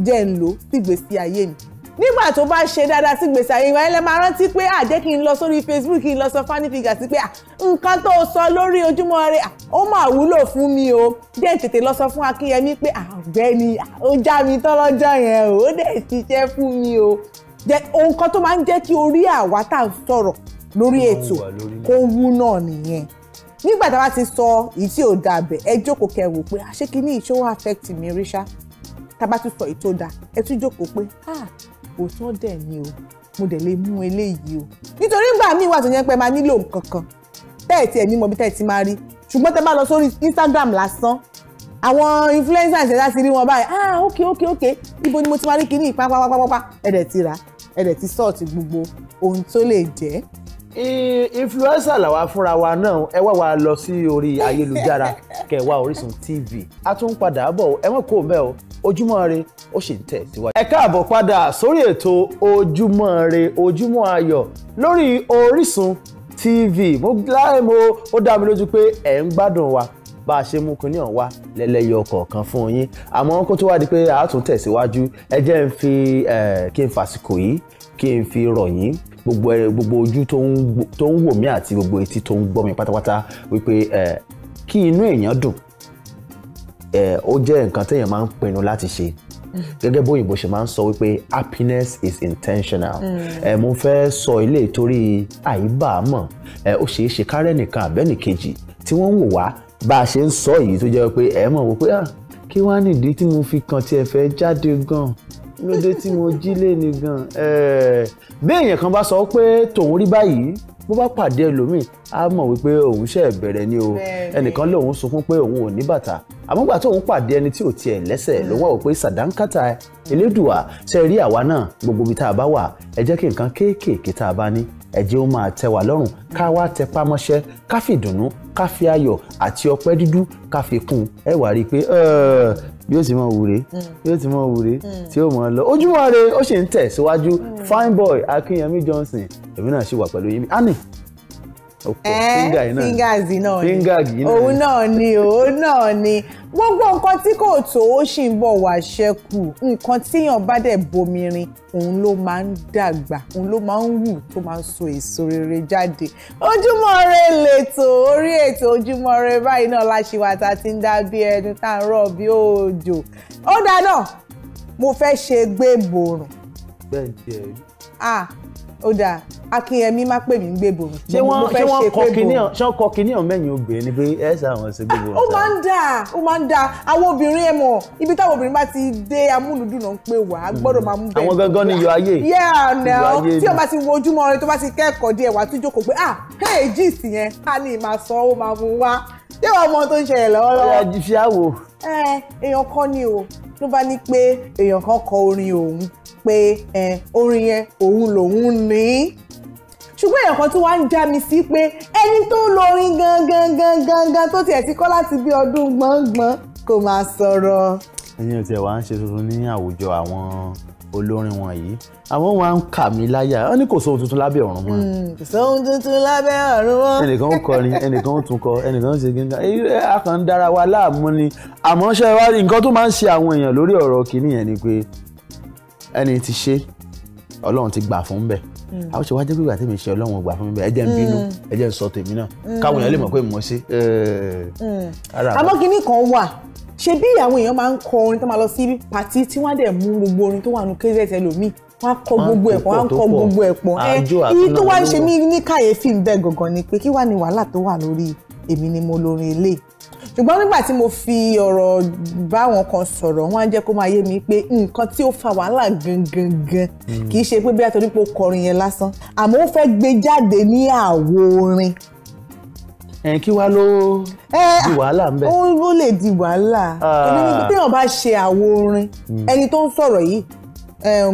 jẹ́ ń lò sígbésí ayé mi nígbà tó bá ṣe dáadáa sí gbèsè àyè ìwà ẹlẹ́ máa rántí pé à jẹ́ kí n lọ sórí Facebook kí n lọ sọ Fanny Figures sí pé à nǹkan tó sọ lórí Ojúmọ́ Ire ó máa wúlò fún mi o jẹ́ tètè lọ sọ fún Akínyẹmí pé àgbẹ́ni ó já mi tọ́lọ́jọ́ yẹn o ó dẹ̀ ṣiṣẹ́ fún mi o jẹ́ ohun kan tó máa ń jẹ́ kí orí àwa tá à ń sọ̀rọ̀ lórí ètò kó wú náà nìyẹn nígbà tá a bá ti sọ èyí tí ò da bẹ ẹ jókòó kẹwò pé àṣé kí ní ìṣòwò affect mi rí tá a bá tún sọ èyí tó da ẹ tún jókòó pé òótọ́ dẹ̀ ni o mo dẹ̀ lè mú eléyìí o nítorí gbà míì wà tó yẹn pé máa nílò nǹkan kan tẹ́ẹ̀ tiẹ̀ ní mọ̀ bí tẹ́ẹ̀ ti máa rí ṣùgbọ́n tẹ́ bá lọ sórí Instagram lásán àwọn influencers ẹ̀dá ti rí wọn báyìí ah ok ok ok ibo ni mo ti máa rí kíní ìpápápápápá ẹ̀dẹ̀ ti rà ẹ̀dẹ̀ ti sọ́ọ̀tì gbogbo ohun tó lè jẹ́ influencer làwa fúnra wa náà ẹ wá wa lọ sí orí ayélujára kẹwàá Orísun TV a tún padà bọ̀ ẹ mọ̀ kó mẹ́ o ojúmọ́ ire ó sì ń tẹ̀ síwájú. ẹ káàbọ̀ padà sórí ètò ojúmọ́ ire ojúmọ́ ayọ̀ lórí Orísun TV mo láì mo ó dá mi lójú pé ẹ̀ ń gbádùn wa bá a ṣe mú kinní ọ̀hún wá lẹ́lẹ́yọ kọ̀ọ̀kan fún yín àmọ́ kó tó wá di pé a tún tẹ̀síwájú ẹ jẹ́ ń fi kí n fàsìkò yìí kí n fi rọ̀ yín gbogbo gbogbo ojú tó ń wò mí àti gbogbo etí tó ń gbọ́ mi pátápátá wípé kí inú èèyàn dùn ó jẹ́ nǹkan téèyàn máa ń pinnu láti ṣe gẹ́gẹ́ bóyìnbó ṣe máa ń sọ wípé happiness is intentional hmm. ẹ mo fẹ́ sọ ilé torí àìbàámọ̀ ẹ ó ṣeé ṣe kárẹ́ nìkan àbẹ́nìkejì tí wọ́n ń wò wá bá a ṣe ń sọ yìí tó jẹ́ pé ẹ mọ̀ wò pé ah, kí wàá nìdí tí mo fi kàn tiẹ̀ fẹ́ jáde gan lóde tí mo jí lé ni gan bí èèyàn kan bá sọ pé tòun rí báyìí bó bá pàdé ẹlòmíì á mọ̀ wípé òun ṣẹ̀ bẹ̀rẹ̀ ni o ẹnìkan lòun sunkún pé òun ò ní bàtà àmọ́ gbà tóun pàdé ẹni tí ò tiẹ̀ lẹ́sẹ̀ ló wà ó pé sàdánkátà elédùà ṣe rí àwa náà gbogbo ibi tá a bá wà ẹ jẹ́ kí nǹkan kéékèèké tá a bá ní ẹ jẹ́ ó máa tẹ́ wa lọ́rùn ká wá tẹpá mọ́ṣẹ́ ká fi ìdùnnú ká fi ayọ̀ àti ọpẹ́ dúdú ká fi kún ẹ wá rí i pé bí ó ti mọ wúre hmm. bí ó ti mọ wúre hmm. tí ó mọ lọ Ojúmọ́ Ire ó sì ń tẹ̀ síwájú hmm. Fineboy Akínyẹmí Johnson èmi náà ṣì wà pẹ̀lú yìí Annie fíngà yìí náà fíngàs yìí náà ni òun náà ni òun náà ni gbogbo nǹkan tí kò tó ó sì ń bọ̀ wá ṣẹ́kù nǹkan tíyàn bá dẹ̀ bomirin òun ló máa ń dàgbà òun ló máa ń wù tó máa ń so èso rere jáde ojúmọ́ ire lètò orí ètò ojúmọ́ ire báyìí náà láṣìwà tá a ti ń dá bí ẹnu tá à ń rọ̀ bí òòjò ó dáná mo fẹ́ ṣe gbé borùn. bẹ́ẹ̀ ni ẹ rí. ah ó dáa akínyẹmí má pè mí gbé bòmí ṣé wọn ṣé wọn kọ kìnìún ṣé wọn kọ kìnìún mẹyìn obìnrin ni pé ẹ ṣàwọn ṣe gbogbo ọsàn. ó máa ń dà ó máa ń dà àwọn obìnrin ẹ mọ ibi táwọn obìnrin bá ti dé amúlùdùn náà ń pè wá gbọ́dọ̀ máa mú bẹ́ẹ̀. àwọn gangan ni iyọ̀ ayé. yeah no tí o bá ti wo ojúmọ́ rẹ tó bá ti kẹ́kọ̀ọ́ díẹ̀ wá tó jókòó pé ah hey gist yẹn ká ní ì máa sọ ó máa mú wá ṣé wàá mọ tó ń ṣẹlẹ̀ lọ́wọ́lọ́wọ́. ẹ eh, èèyàn pé orin yẹn òun lòun ní ṣùgbọ́n èèyàn kan tí wàá ń já mi sí pé ẹni tó lórin gangan gangan gan tó tiẹ̀ ti kọ́ láti bí ọdún gbọ̀ngbọ̀n kò máa sọ̀rọ̀. ẹyin ò tiẹ̀ wá ń ṣe tuntun ní àwùjọ àwọn olórin wọ̀nyí àwọn wa ń kà mí láyà ó ní kò sóhun tuntun lábẹ́ ọ̀run mọ́. Hmm, kò sóhun tuntun lábẹ́ ọ̀run mọ́. ẹnìkan ń kọrin ẹnìkan ń tún kọ ẹnìkan ń ṣe gíga ẹ akàn ń dára wa láàmú ni àmọ́ ṣe wá nǹkan tó máa ń ṣe àwọn èèyàn lórí ọ̀rọ̀ kìíní yẹn ni pé ẹni tí ṣe ọlọ́run ti gbà fún bẹ́ẹ̀ àwọn hmm. ṣe wá jẹ́ pé ìgbà tèmi ṣe ọlọ́run gbà fún mi bẹ́ẹ̀ ẹ jẹ́ ń bínú hmm. ẹ jẹ́ ń sọ tèmi náà káwọn èèyàn lè mọ̀ pé mo ṣe. Hmm. àmọ́ kinní kan wà ṣe bí àwọn èèyàn máa ń kọ orin tó máa lọ sí pàtí tí wọ́n á dẹ̀ mú gbogbo orin tó wà nù kz ẹlòmíì wọ́n á kọ gbogbo ẹ̀pọ̀ wọ́n á kọ gbogbo ẹ̀pọ̀ ẹ iye tó wá ń ṣe mí ní kàyéfì ń bẹ gangan ni pé kí wàá ní wàhálà tó wà lórí èmi ni mo lórin eléyìí ṣùgbọ́n nígbà tí mo fi ọ̀rọ̀ bá wọn kan sọ̀rọ̀ wọ́n á jẹ́ kó máa yé mi pé nǹkan tí ó fa wàhálà gangan gan hmm. kì í ṣe pé bí a torí pé ó kọrin yẹn lásán àmọ́ ó fẹ́ gbé jáde ní àwo orin ẹ̀ẹ́n kí wá ló di wàhálà ń bẹ̀. ó lè di wàhálà ah. èmi ni téèyàn bá ṣe àwo orin hmm. ẹni tó ń sọ̀rọ̀ yìí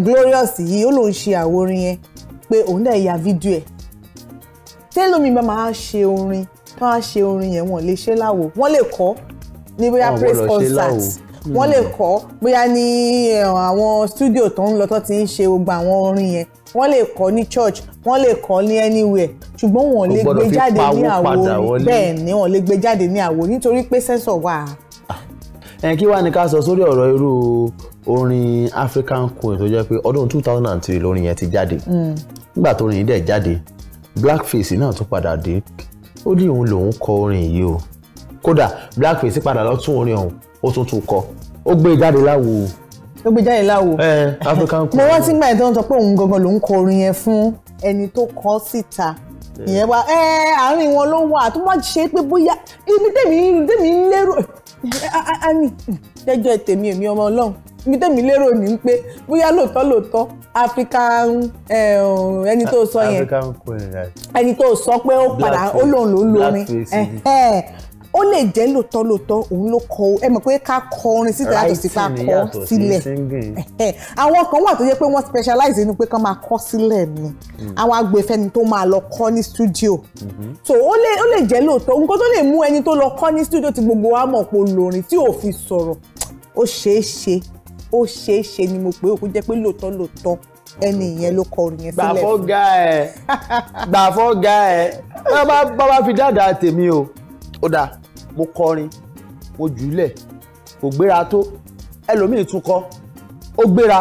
glorious yìí ó lòun ṣe àwo orin yẹn pé òun dẹ̀ ya fídíò ẹ̀ tẹ́lómi bá máa ṣe orin kán á ṣe orin yẹn wọ́n lè ṣe láwo wọ́n lè kọ ní bóyá praise concert hmm. wọ́n lè kọ bóyá ní eh, àwọn studio tó ń lọ tó ti ń ṣe gbogbo àwọn orin yẹn wọ́n lè kọ ní church wọ́n lè kọ ní anywhere ṣùgbọ́n wọ́n lè gbé jáde ní àwo bẹ́ẹ̀ ni wọ́n lè gbé jáde ní àwo nítorí pé sẹ́sọ̀ wà. Ah. ẹ kí wàá ní ká sọ sórí ọ̀rọ̀ irú orin African Queen tó jẹ́ pé ọdún two thousand and three lórin yẹn ti jáde hmm. nígbà tó rìn dẹ̀ jáde Blackface náà tún padà dé ó ní òun lòun kọ orin yìí o kódà blackface padà lọ tún orin ọ̀hún ó tún tún kọ ó gbé e jáde láwo ó gbé e jáde láwo african kọ mo rántí gbà yẹn tó ń sọ pé òun gangan lòun kọ orin yẹn fún ẹni tó kọ síta ìyẹn wa ẹ àárín wọn ló wà tó má ṣe pé bóyá ibi tèmi tèmi ń lérò ẹni jẹjọ tèmi èmi ọmọ Ọlọ́run ibi tẹ̀mí lérò ní pé bóyá lóòótọ́ lóòótọ́ African eh, ẹni tó sọ yẹn ẹni tó sọ pé ó padà ó lòun ló ń lo orin ó lè jẹ́ lóòótọ́ lóòótọ́ òun ló kọ ẹ mọ̀ pé ká kọ orin síta yàtọ̀ sí ká kọ sílẹ̀ àwọn kan wà tó yẹ pé wọ́n specialize nínú pé kán máa kọ sílẹ̀ ni mm. àwọn agbèfẹ́ni tó máa lọ kọ ní studio mm-hmm. so ó lè ó lè jẹ́ lóòótọ́ nǹkan tó lè mú ẹni tó lọ kọ ní studio tí gbogbo wa mọ̀ pé olórin tí ò fi sọ̀rọ̀ ó ṣeé ṣe ó ṣeé ṣe ni mo pé ó kó jẹ́ pé lóòótọ́ lóòótọ́ ẹni ìyẹn ló kọ orin yẹn sílẹ̀ gbàfọ́ ga ẹ̀ gbàfọ́ ga ẹ̀ bá bá bá fi dáadáa tèmi o ó dáa mo kọrin mo jùlẹ̀ kò gbéra tó ẹlòmíì tún kọ ó gbéra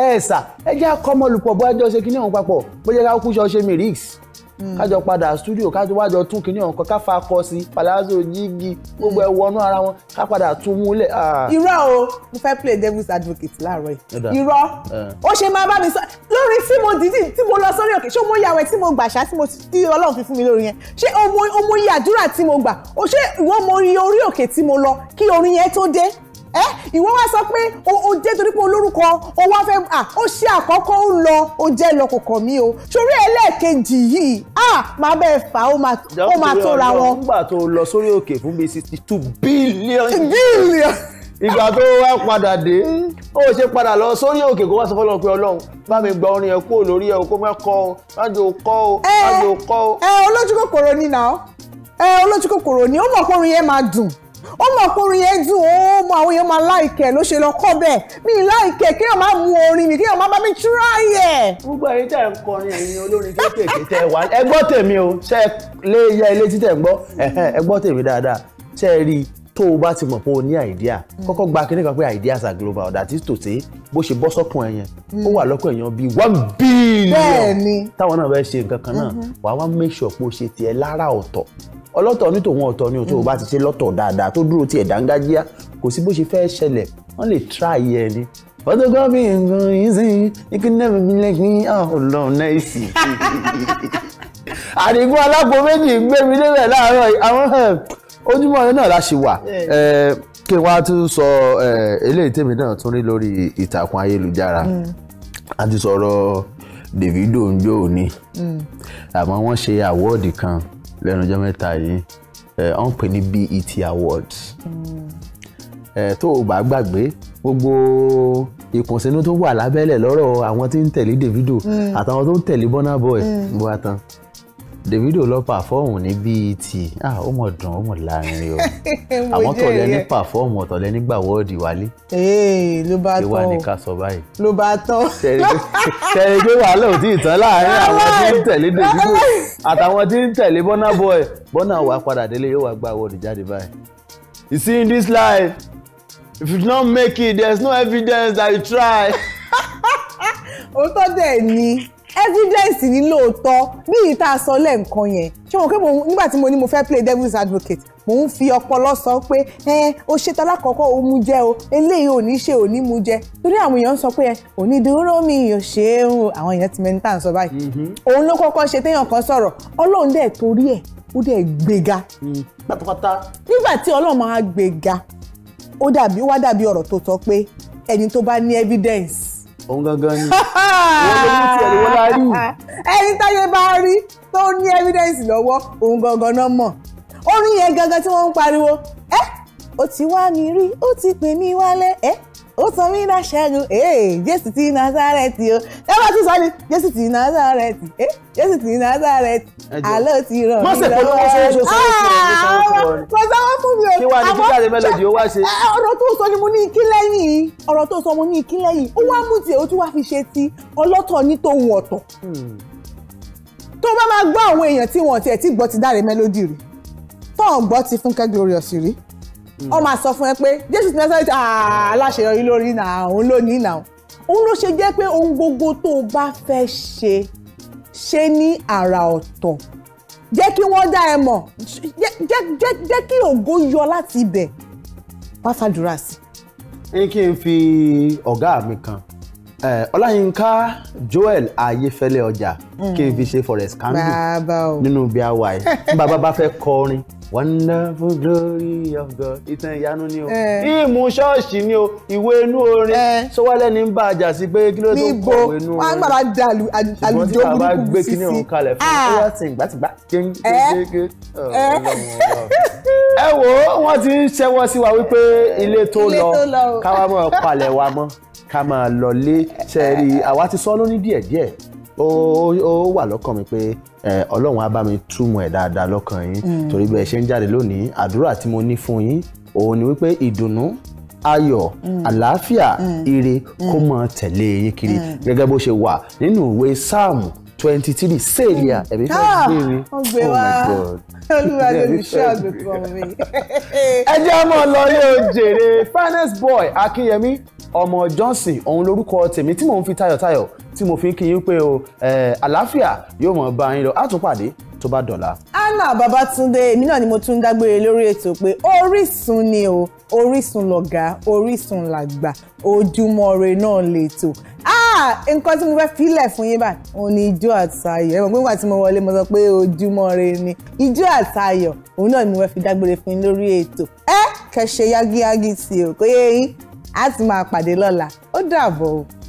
ẹ ẹ̀ sà ẹ jẹ́ akọ́mọlùpọ̀ bó ẹjọ́ ṣe kí ní àwọn papọ̀ bó jẹ́ ká kú ṣọ́ọ́ ṣe mi ríks kájọ padà studio kájọ wájọ tún kinní ọ̀kan káfa akọ sí palazzo jígi gbogbo ẹ mm. wọnú ara wọn ká padà tún múlẹ̀. irọ́ o mo fẹ́ play devil's advocate láàárọ̀ yìí irọ́ ó ṣe máa bá mi sọ lórí tí mo dìdí tí mo lọ sórí òkè ṣé mo yàwẹ̀ tí mo gbàṣà tí ọlọ́run fi fún mi lórí yẹn ṣé o mo yí àdúrà tí mo gbà ṣé ìwọ mo rí orí òkè tí mo lọ kí orin yẹn tó dé ẹ ìwọ wá sọ pé o jẹ́ torí pé olórúkọ o wá fẹ́ à ó ṣe àkọ́kọ́ ó lọ o jẹ́ lọ kòkò mi o sórí ẹlẹ́ẹ̀kejì yìí à máa bẹ́ẹ̀ fà ó máa tóra wọn. nígbà tó lọ sórí òkè fún bíi sixty two billion. billion ìgbà tó wá padà dé ó ṣe padà lọ sórí òkè kó wá sọ fọlọ́run pé ọlọ́run bá mi gba orin ẹ̀ kúrò lórí ẹ̀ kó má kọ́ ọ májò kọ́ ọ májò kọ́ ọ. ẹ olójú kòkòrò ni nà ọ ẹ olójú kòkòrò ni ó mọ̀ pé orin yẹn máa dùn ó mọ̀ pé orin yẹn dùn ó mọ àwọn èèyàn máa láìkẹ̀ ló ṣe lọ kọ́ bẹ́ẹ̀ mi láìkẹ̀ kí èèyàn máa mú orin mi kí èèyàn máa bá mi túrá yẹ. gbogbo ẹ̀yin tẹ́ ń kọrin ẹ̀yin olórin kéékèèké tẹ́ wá ẹ gbọ́ tèmi o ṣe lé ya ilé títẹ̀ ń gbọ́ ẹ gbọ́ tèmi dáadáa ṣe rí i tó o bá ti mọ̀ pé o ní àìdíà kọ́kọ́ gba kinní kan pé ideas are global that is to say bó ṣe bọ́ sọ́kàn ẹ yẹn ó wà lọ́kàn èèyàn bíi one billion táwọn náà bẹ́ẹ̀ ṣe nǹkan kan náà mm-hmm. wàá wá make sure pé o ṣe tiẹ̀ lára ọ̀tọ̀ ọlọ́tọ̀ ní tòun ọ̀tọ̀ ni òtò bá ti ṣe lọ́tọ̀ dáadáa tó dúró tiẹ̀ dángájíá kò sí bó ṣe fẹ́ ṣẹlẹ̀ wọ́n lè try ẹ ni photography nǹkan yìí sí you can never be like me ah, ọlọ́run náà àdìgún alápò méjì gbé mi débẹ̀ láàárọ̀ àwọn eh, ojúmọ́ ẹ náà la ṣì wà eh, kí wàá tún sọ eh, eléyìí tèmi náà tún rí lórí ìtàkùn ayélujára mm. a ti sọ̀rọ̀ Davido ń jó mm. àmọ́ wọ́n ṣe àwọ́ọ̀dì kan. Mm lẹ́nu ọjọ́ mẹ́ta yìí eh, wọ́n pè ní BET awards mm. eh, tó o bá gbàgbé gbogbo ìkùnsínú tó wà lábẹ́lẹ̀ lọ́rọ̀ àwọn tí ń tẹ̀lé Davido mm. àtàwọn tó ń tẹ̀lé Burna Boy mm. bó a tán. Davido lọ pàfọ́ọ̀mù ní BET ah ó mọ̀ dùn ó mọ̀ láàrin o àmọ́ tọ̀lẹ́ ní pàfọ́ọ̀mù ọ̀tọ̀lẹ́ nígbà wọ́ọ̀dì wálé. ee ló bá tán o ìwà ni ká sọ báyìí. ló bá tán. tẹ̀lé pé wàhálà ò tí ì tán láàrin àwọn tí ń tẹ̀lé Davido àtàwọn tí ń tẹ̀lé Burna Boy Burna wá padà délé yóò wá gba wọ́ọ̀dì jáde báyìí. you see in this life if you don't make it there is no evidence that you try. òótọ́ dẹ̀ evidence ní lóòótọ́ bí èyí tá a sọ lẹ́ǹkan yẹn ṣé mo pé nígbà tí mo ní mo fẹ́ play devil's advocate mò ń fi ọpọlọ sọ pé ẹ o ṣètò alákọ̀ọ́kọ́ o mú jẹ o eléyìí ò ní ṣe ò ní mú jẹ torí àwọn èèyàn sọ pé ẹ òní dúró mi ò ṣe é o àwọn èèyàn ti mẹ́ni tá à ń sọ báyìí mhm. òun ló kọ́kọ́ ṣe téèyàn kan sọ̀rọ̀ ọlọ́run dẹ̀ torí ẹ̀ ó dẹ̀ gbéga. Mm. pátápátá. nígbà tí ọlọ́run máa gbéga ó dàbí ó wá dàbí ọ̀rọ̀ tó sọ pé ẹni tó bá ní evidence. òun gangan ni Ah! ẹni táyé bá rí tó ní evidence lọ́wọ́ òun gangan náà mọ̀ orin yẹn gangan tí wọ́n ń pariwo ẹ́ O ti wá mi rí o ti pè mí wálé ẹ́ ó sọ mí dá ṣẹ́gun jésù ti nazareti o ẹ bá tún sọ ni jésù ti nazareti eh, jésù ti nazareti àlọ́ ti ràn mí lọ́wọ́ mo sanwó ah, fún mi o kí wàá ní kíkà lè mélòdì ó wá ṣe. ọ̀rọ̀ tó sọ ni mo ní ikí lẹ́yìn ọ̀rọ̀ tó sọ mo ní ikí lẹ́yìn ó wá mú tiẹ̀ ó tún wá fi ṣe ti ọlọ́tọ̀ ní tòun ọ̀tọ̀ hmm. tó bá máa gbọ́ àwọn èèyàn tí wọ́n tiẹ̀ ti gbọ́ ti Dare Melody rí tó ń gbọ́ ti Fúnkẹ́ Glorious rí Mm. ọ máa sọ fún ẹ pé jésù ti nẹ́sẹ̀rẹ́tì aláṣeyọrí lórí náà òun ló ní náà òun ló ṣe jẹ́ pé ohun gbogbo tó o bá fẹ́ ṣe ṣe ní àrà ọ̀tọ̀ jẹ́ kí wọ́n dá ẹ mọ̀ jẹ́ kí ògo yọ láti ibẹ̀ wá sí. ẹ kí n fi ọ̀gá mi kan ọláyínká joel ayéfẹ́lẹ́ ọjà mm. kí n fi ṣe forest candle nínú bí a wà yìí bàbá bá fẹ́ kọrin wonderful glory of God ìtàn ìyanu ni o ìmú ṣọ́ọ̀ṣì ni o ìwé inú orin sọwọ́lẹ́ ní bá a jà sí pé kí ló tó kọ̀ ìwé inú orin níbo wọn gbàgbà da àlùjọ burúkú sí sí ṣùgbọ́n tí a bá gbé kíní òun kalẹ̀ fún un ah. ó sìn gbàtìgbà kéńkéńké ẹ wo wọn ti ń ṣẹwọ́ sí wa wípé ilé tó lọ káwa máa palẹ̀ wa mọ́ ká máa lọ lé ṣẹ́ẹ̀rí àwa ti sọ lóní díẹ̀díẹ̀ ó wà lọ́kàn mi pé ọlọ́run á bá mi túmọ̀ ẹ̀ dáadáa lọ́kàn yín mm. torí bẹ́ẹ̀ ṣe ń jáde lónìí àdúrà tí mo ní fún yín òun ni wípé ìdùnnú ayọ̀ mm. àlàáfíà mm. ire kó mọ tẹ̀lé yín kiri gẹ́gẹ́ bó ṣe wà nínú ìwé sáàmù twenty three sèlìà ẹ̀mí fẹ́ ah! gbé mi oh my god olúwa lórí ṣọ́ọ̀bù kan mi. ẹ jẹ́ ọmọ lọ òjèrè finance boy akínyẹmí ọmọ Johnson òun lórúkọ tèmi tí mò ń fi tayọ̀tayọ̀ tí mo fi ń kí yín pé o àlàáfíà yóò mọ̀ bá yín lọ àtúnpàdé tó bá dọ̀la. Anna Babatunde èmi náà ni mo tún ń dágbére lórí ètò pé Orísun ni o Orísun lọ̀gá Orísun làgbà Ojúmọ́ Ire náà lètò ah, nǹkan tí mo fẹ́ filẹ̀ fún yín báyìí òun ni ijó àtayọ̀ ẹ̀wọ̀n gbígbà tí mo wọlé mo sọ pé ojúmọ́ ni ijó àtayọ̀ òun náà ni mo fẹ́ fi dágbére fún yín lórí ètò ẹ kẹsẹ̀ yágíyágí sí o kò yé yín a ti máa pàdé lọ́la ó dàbọ̀ o.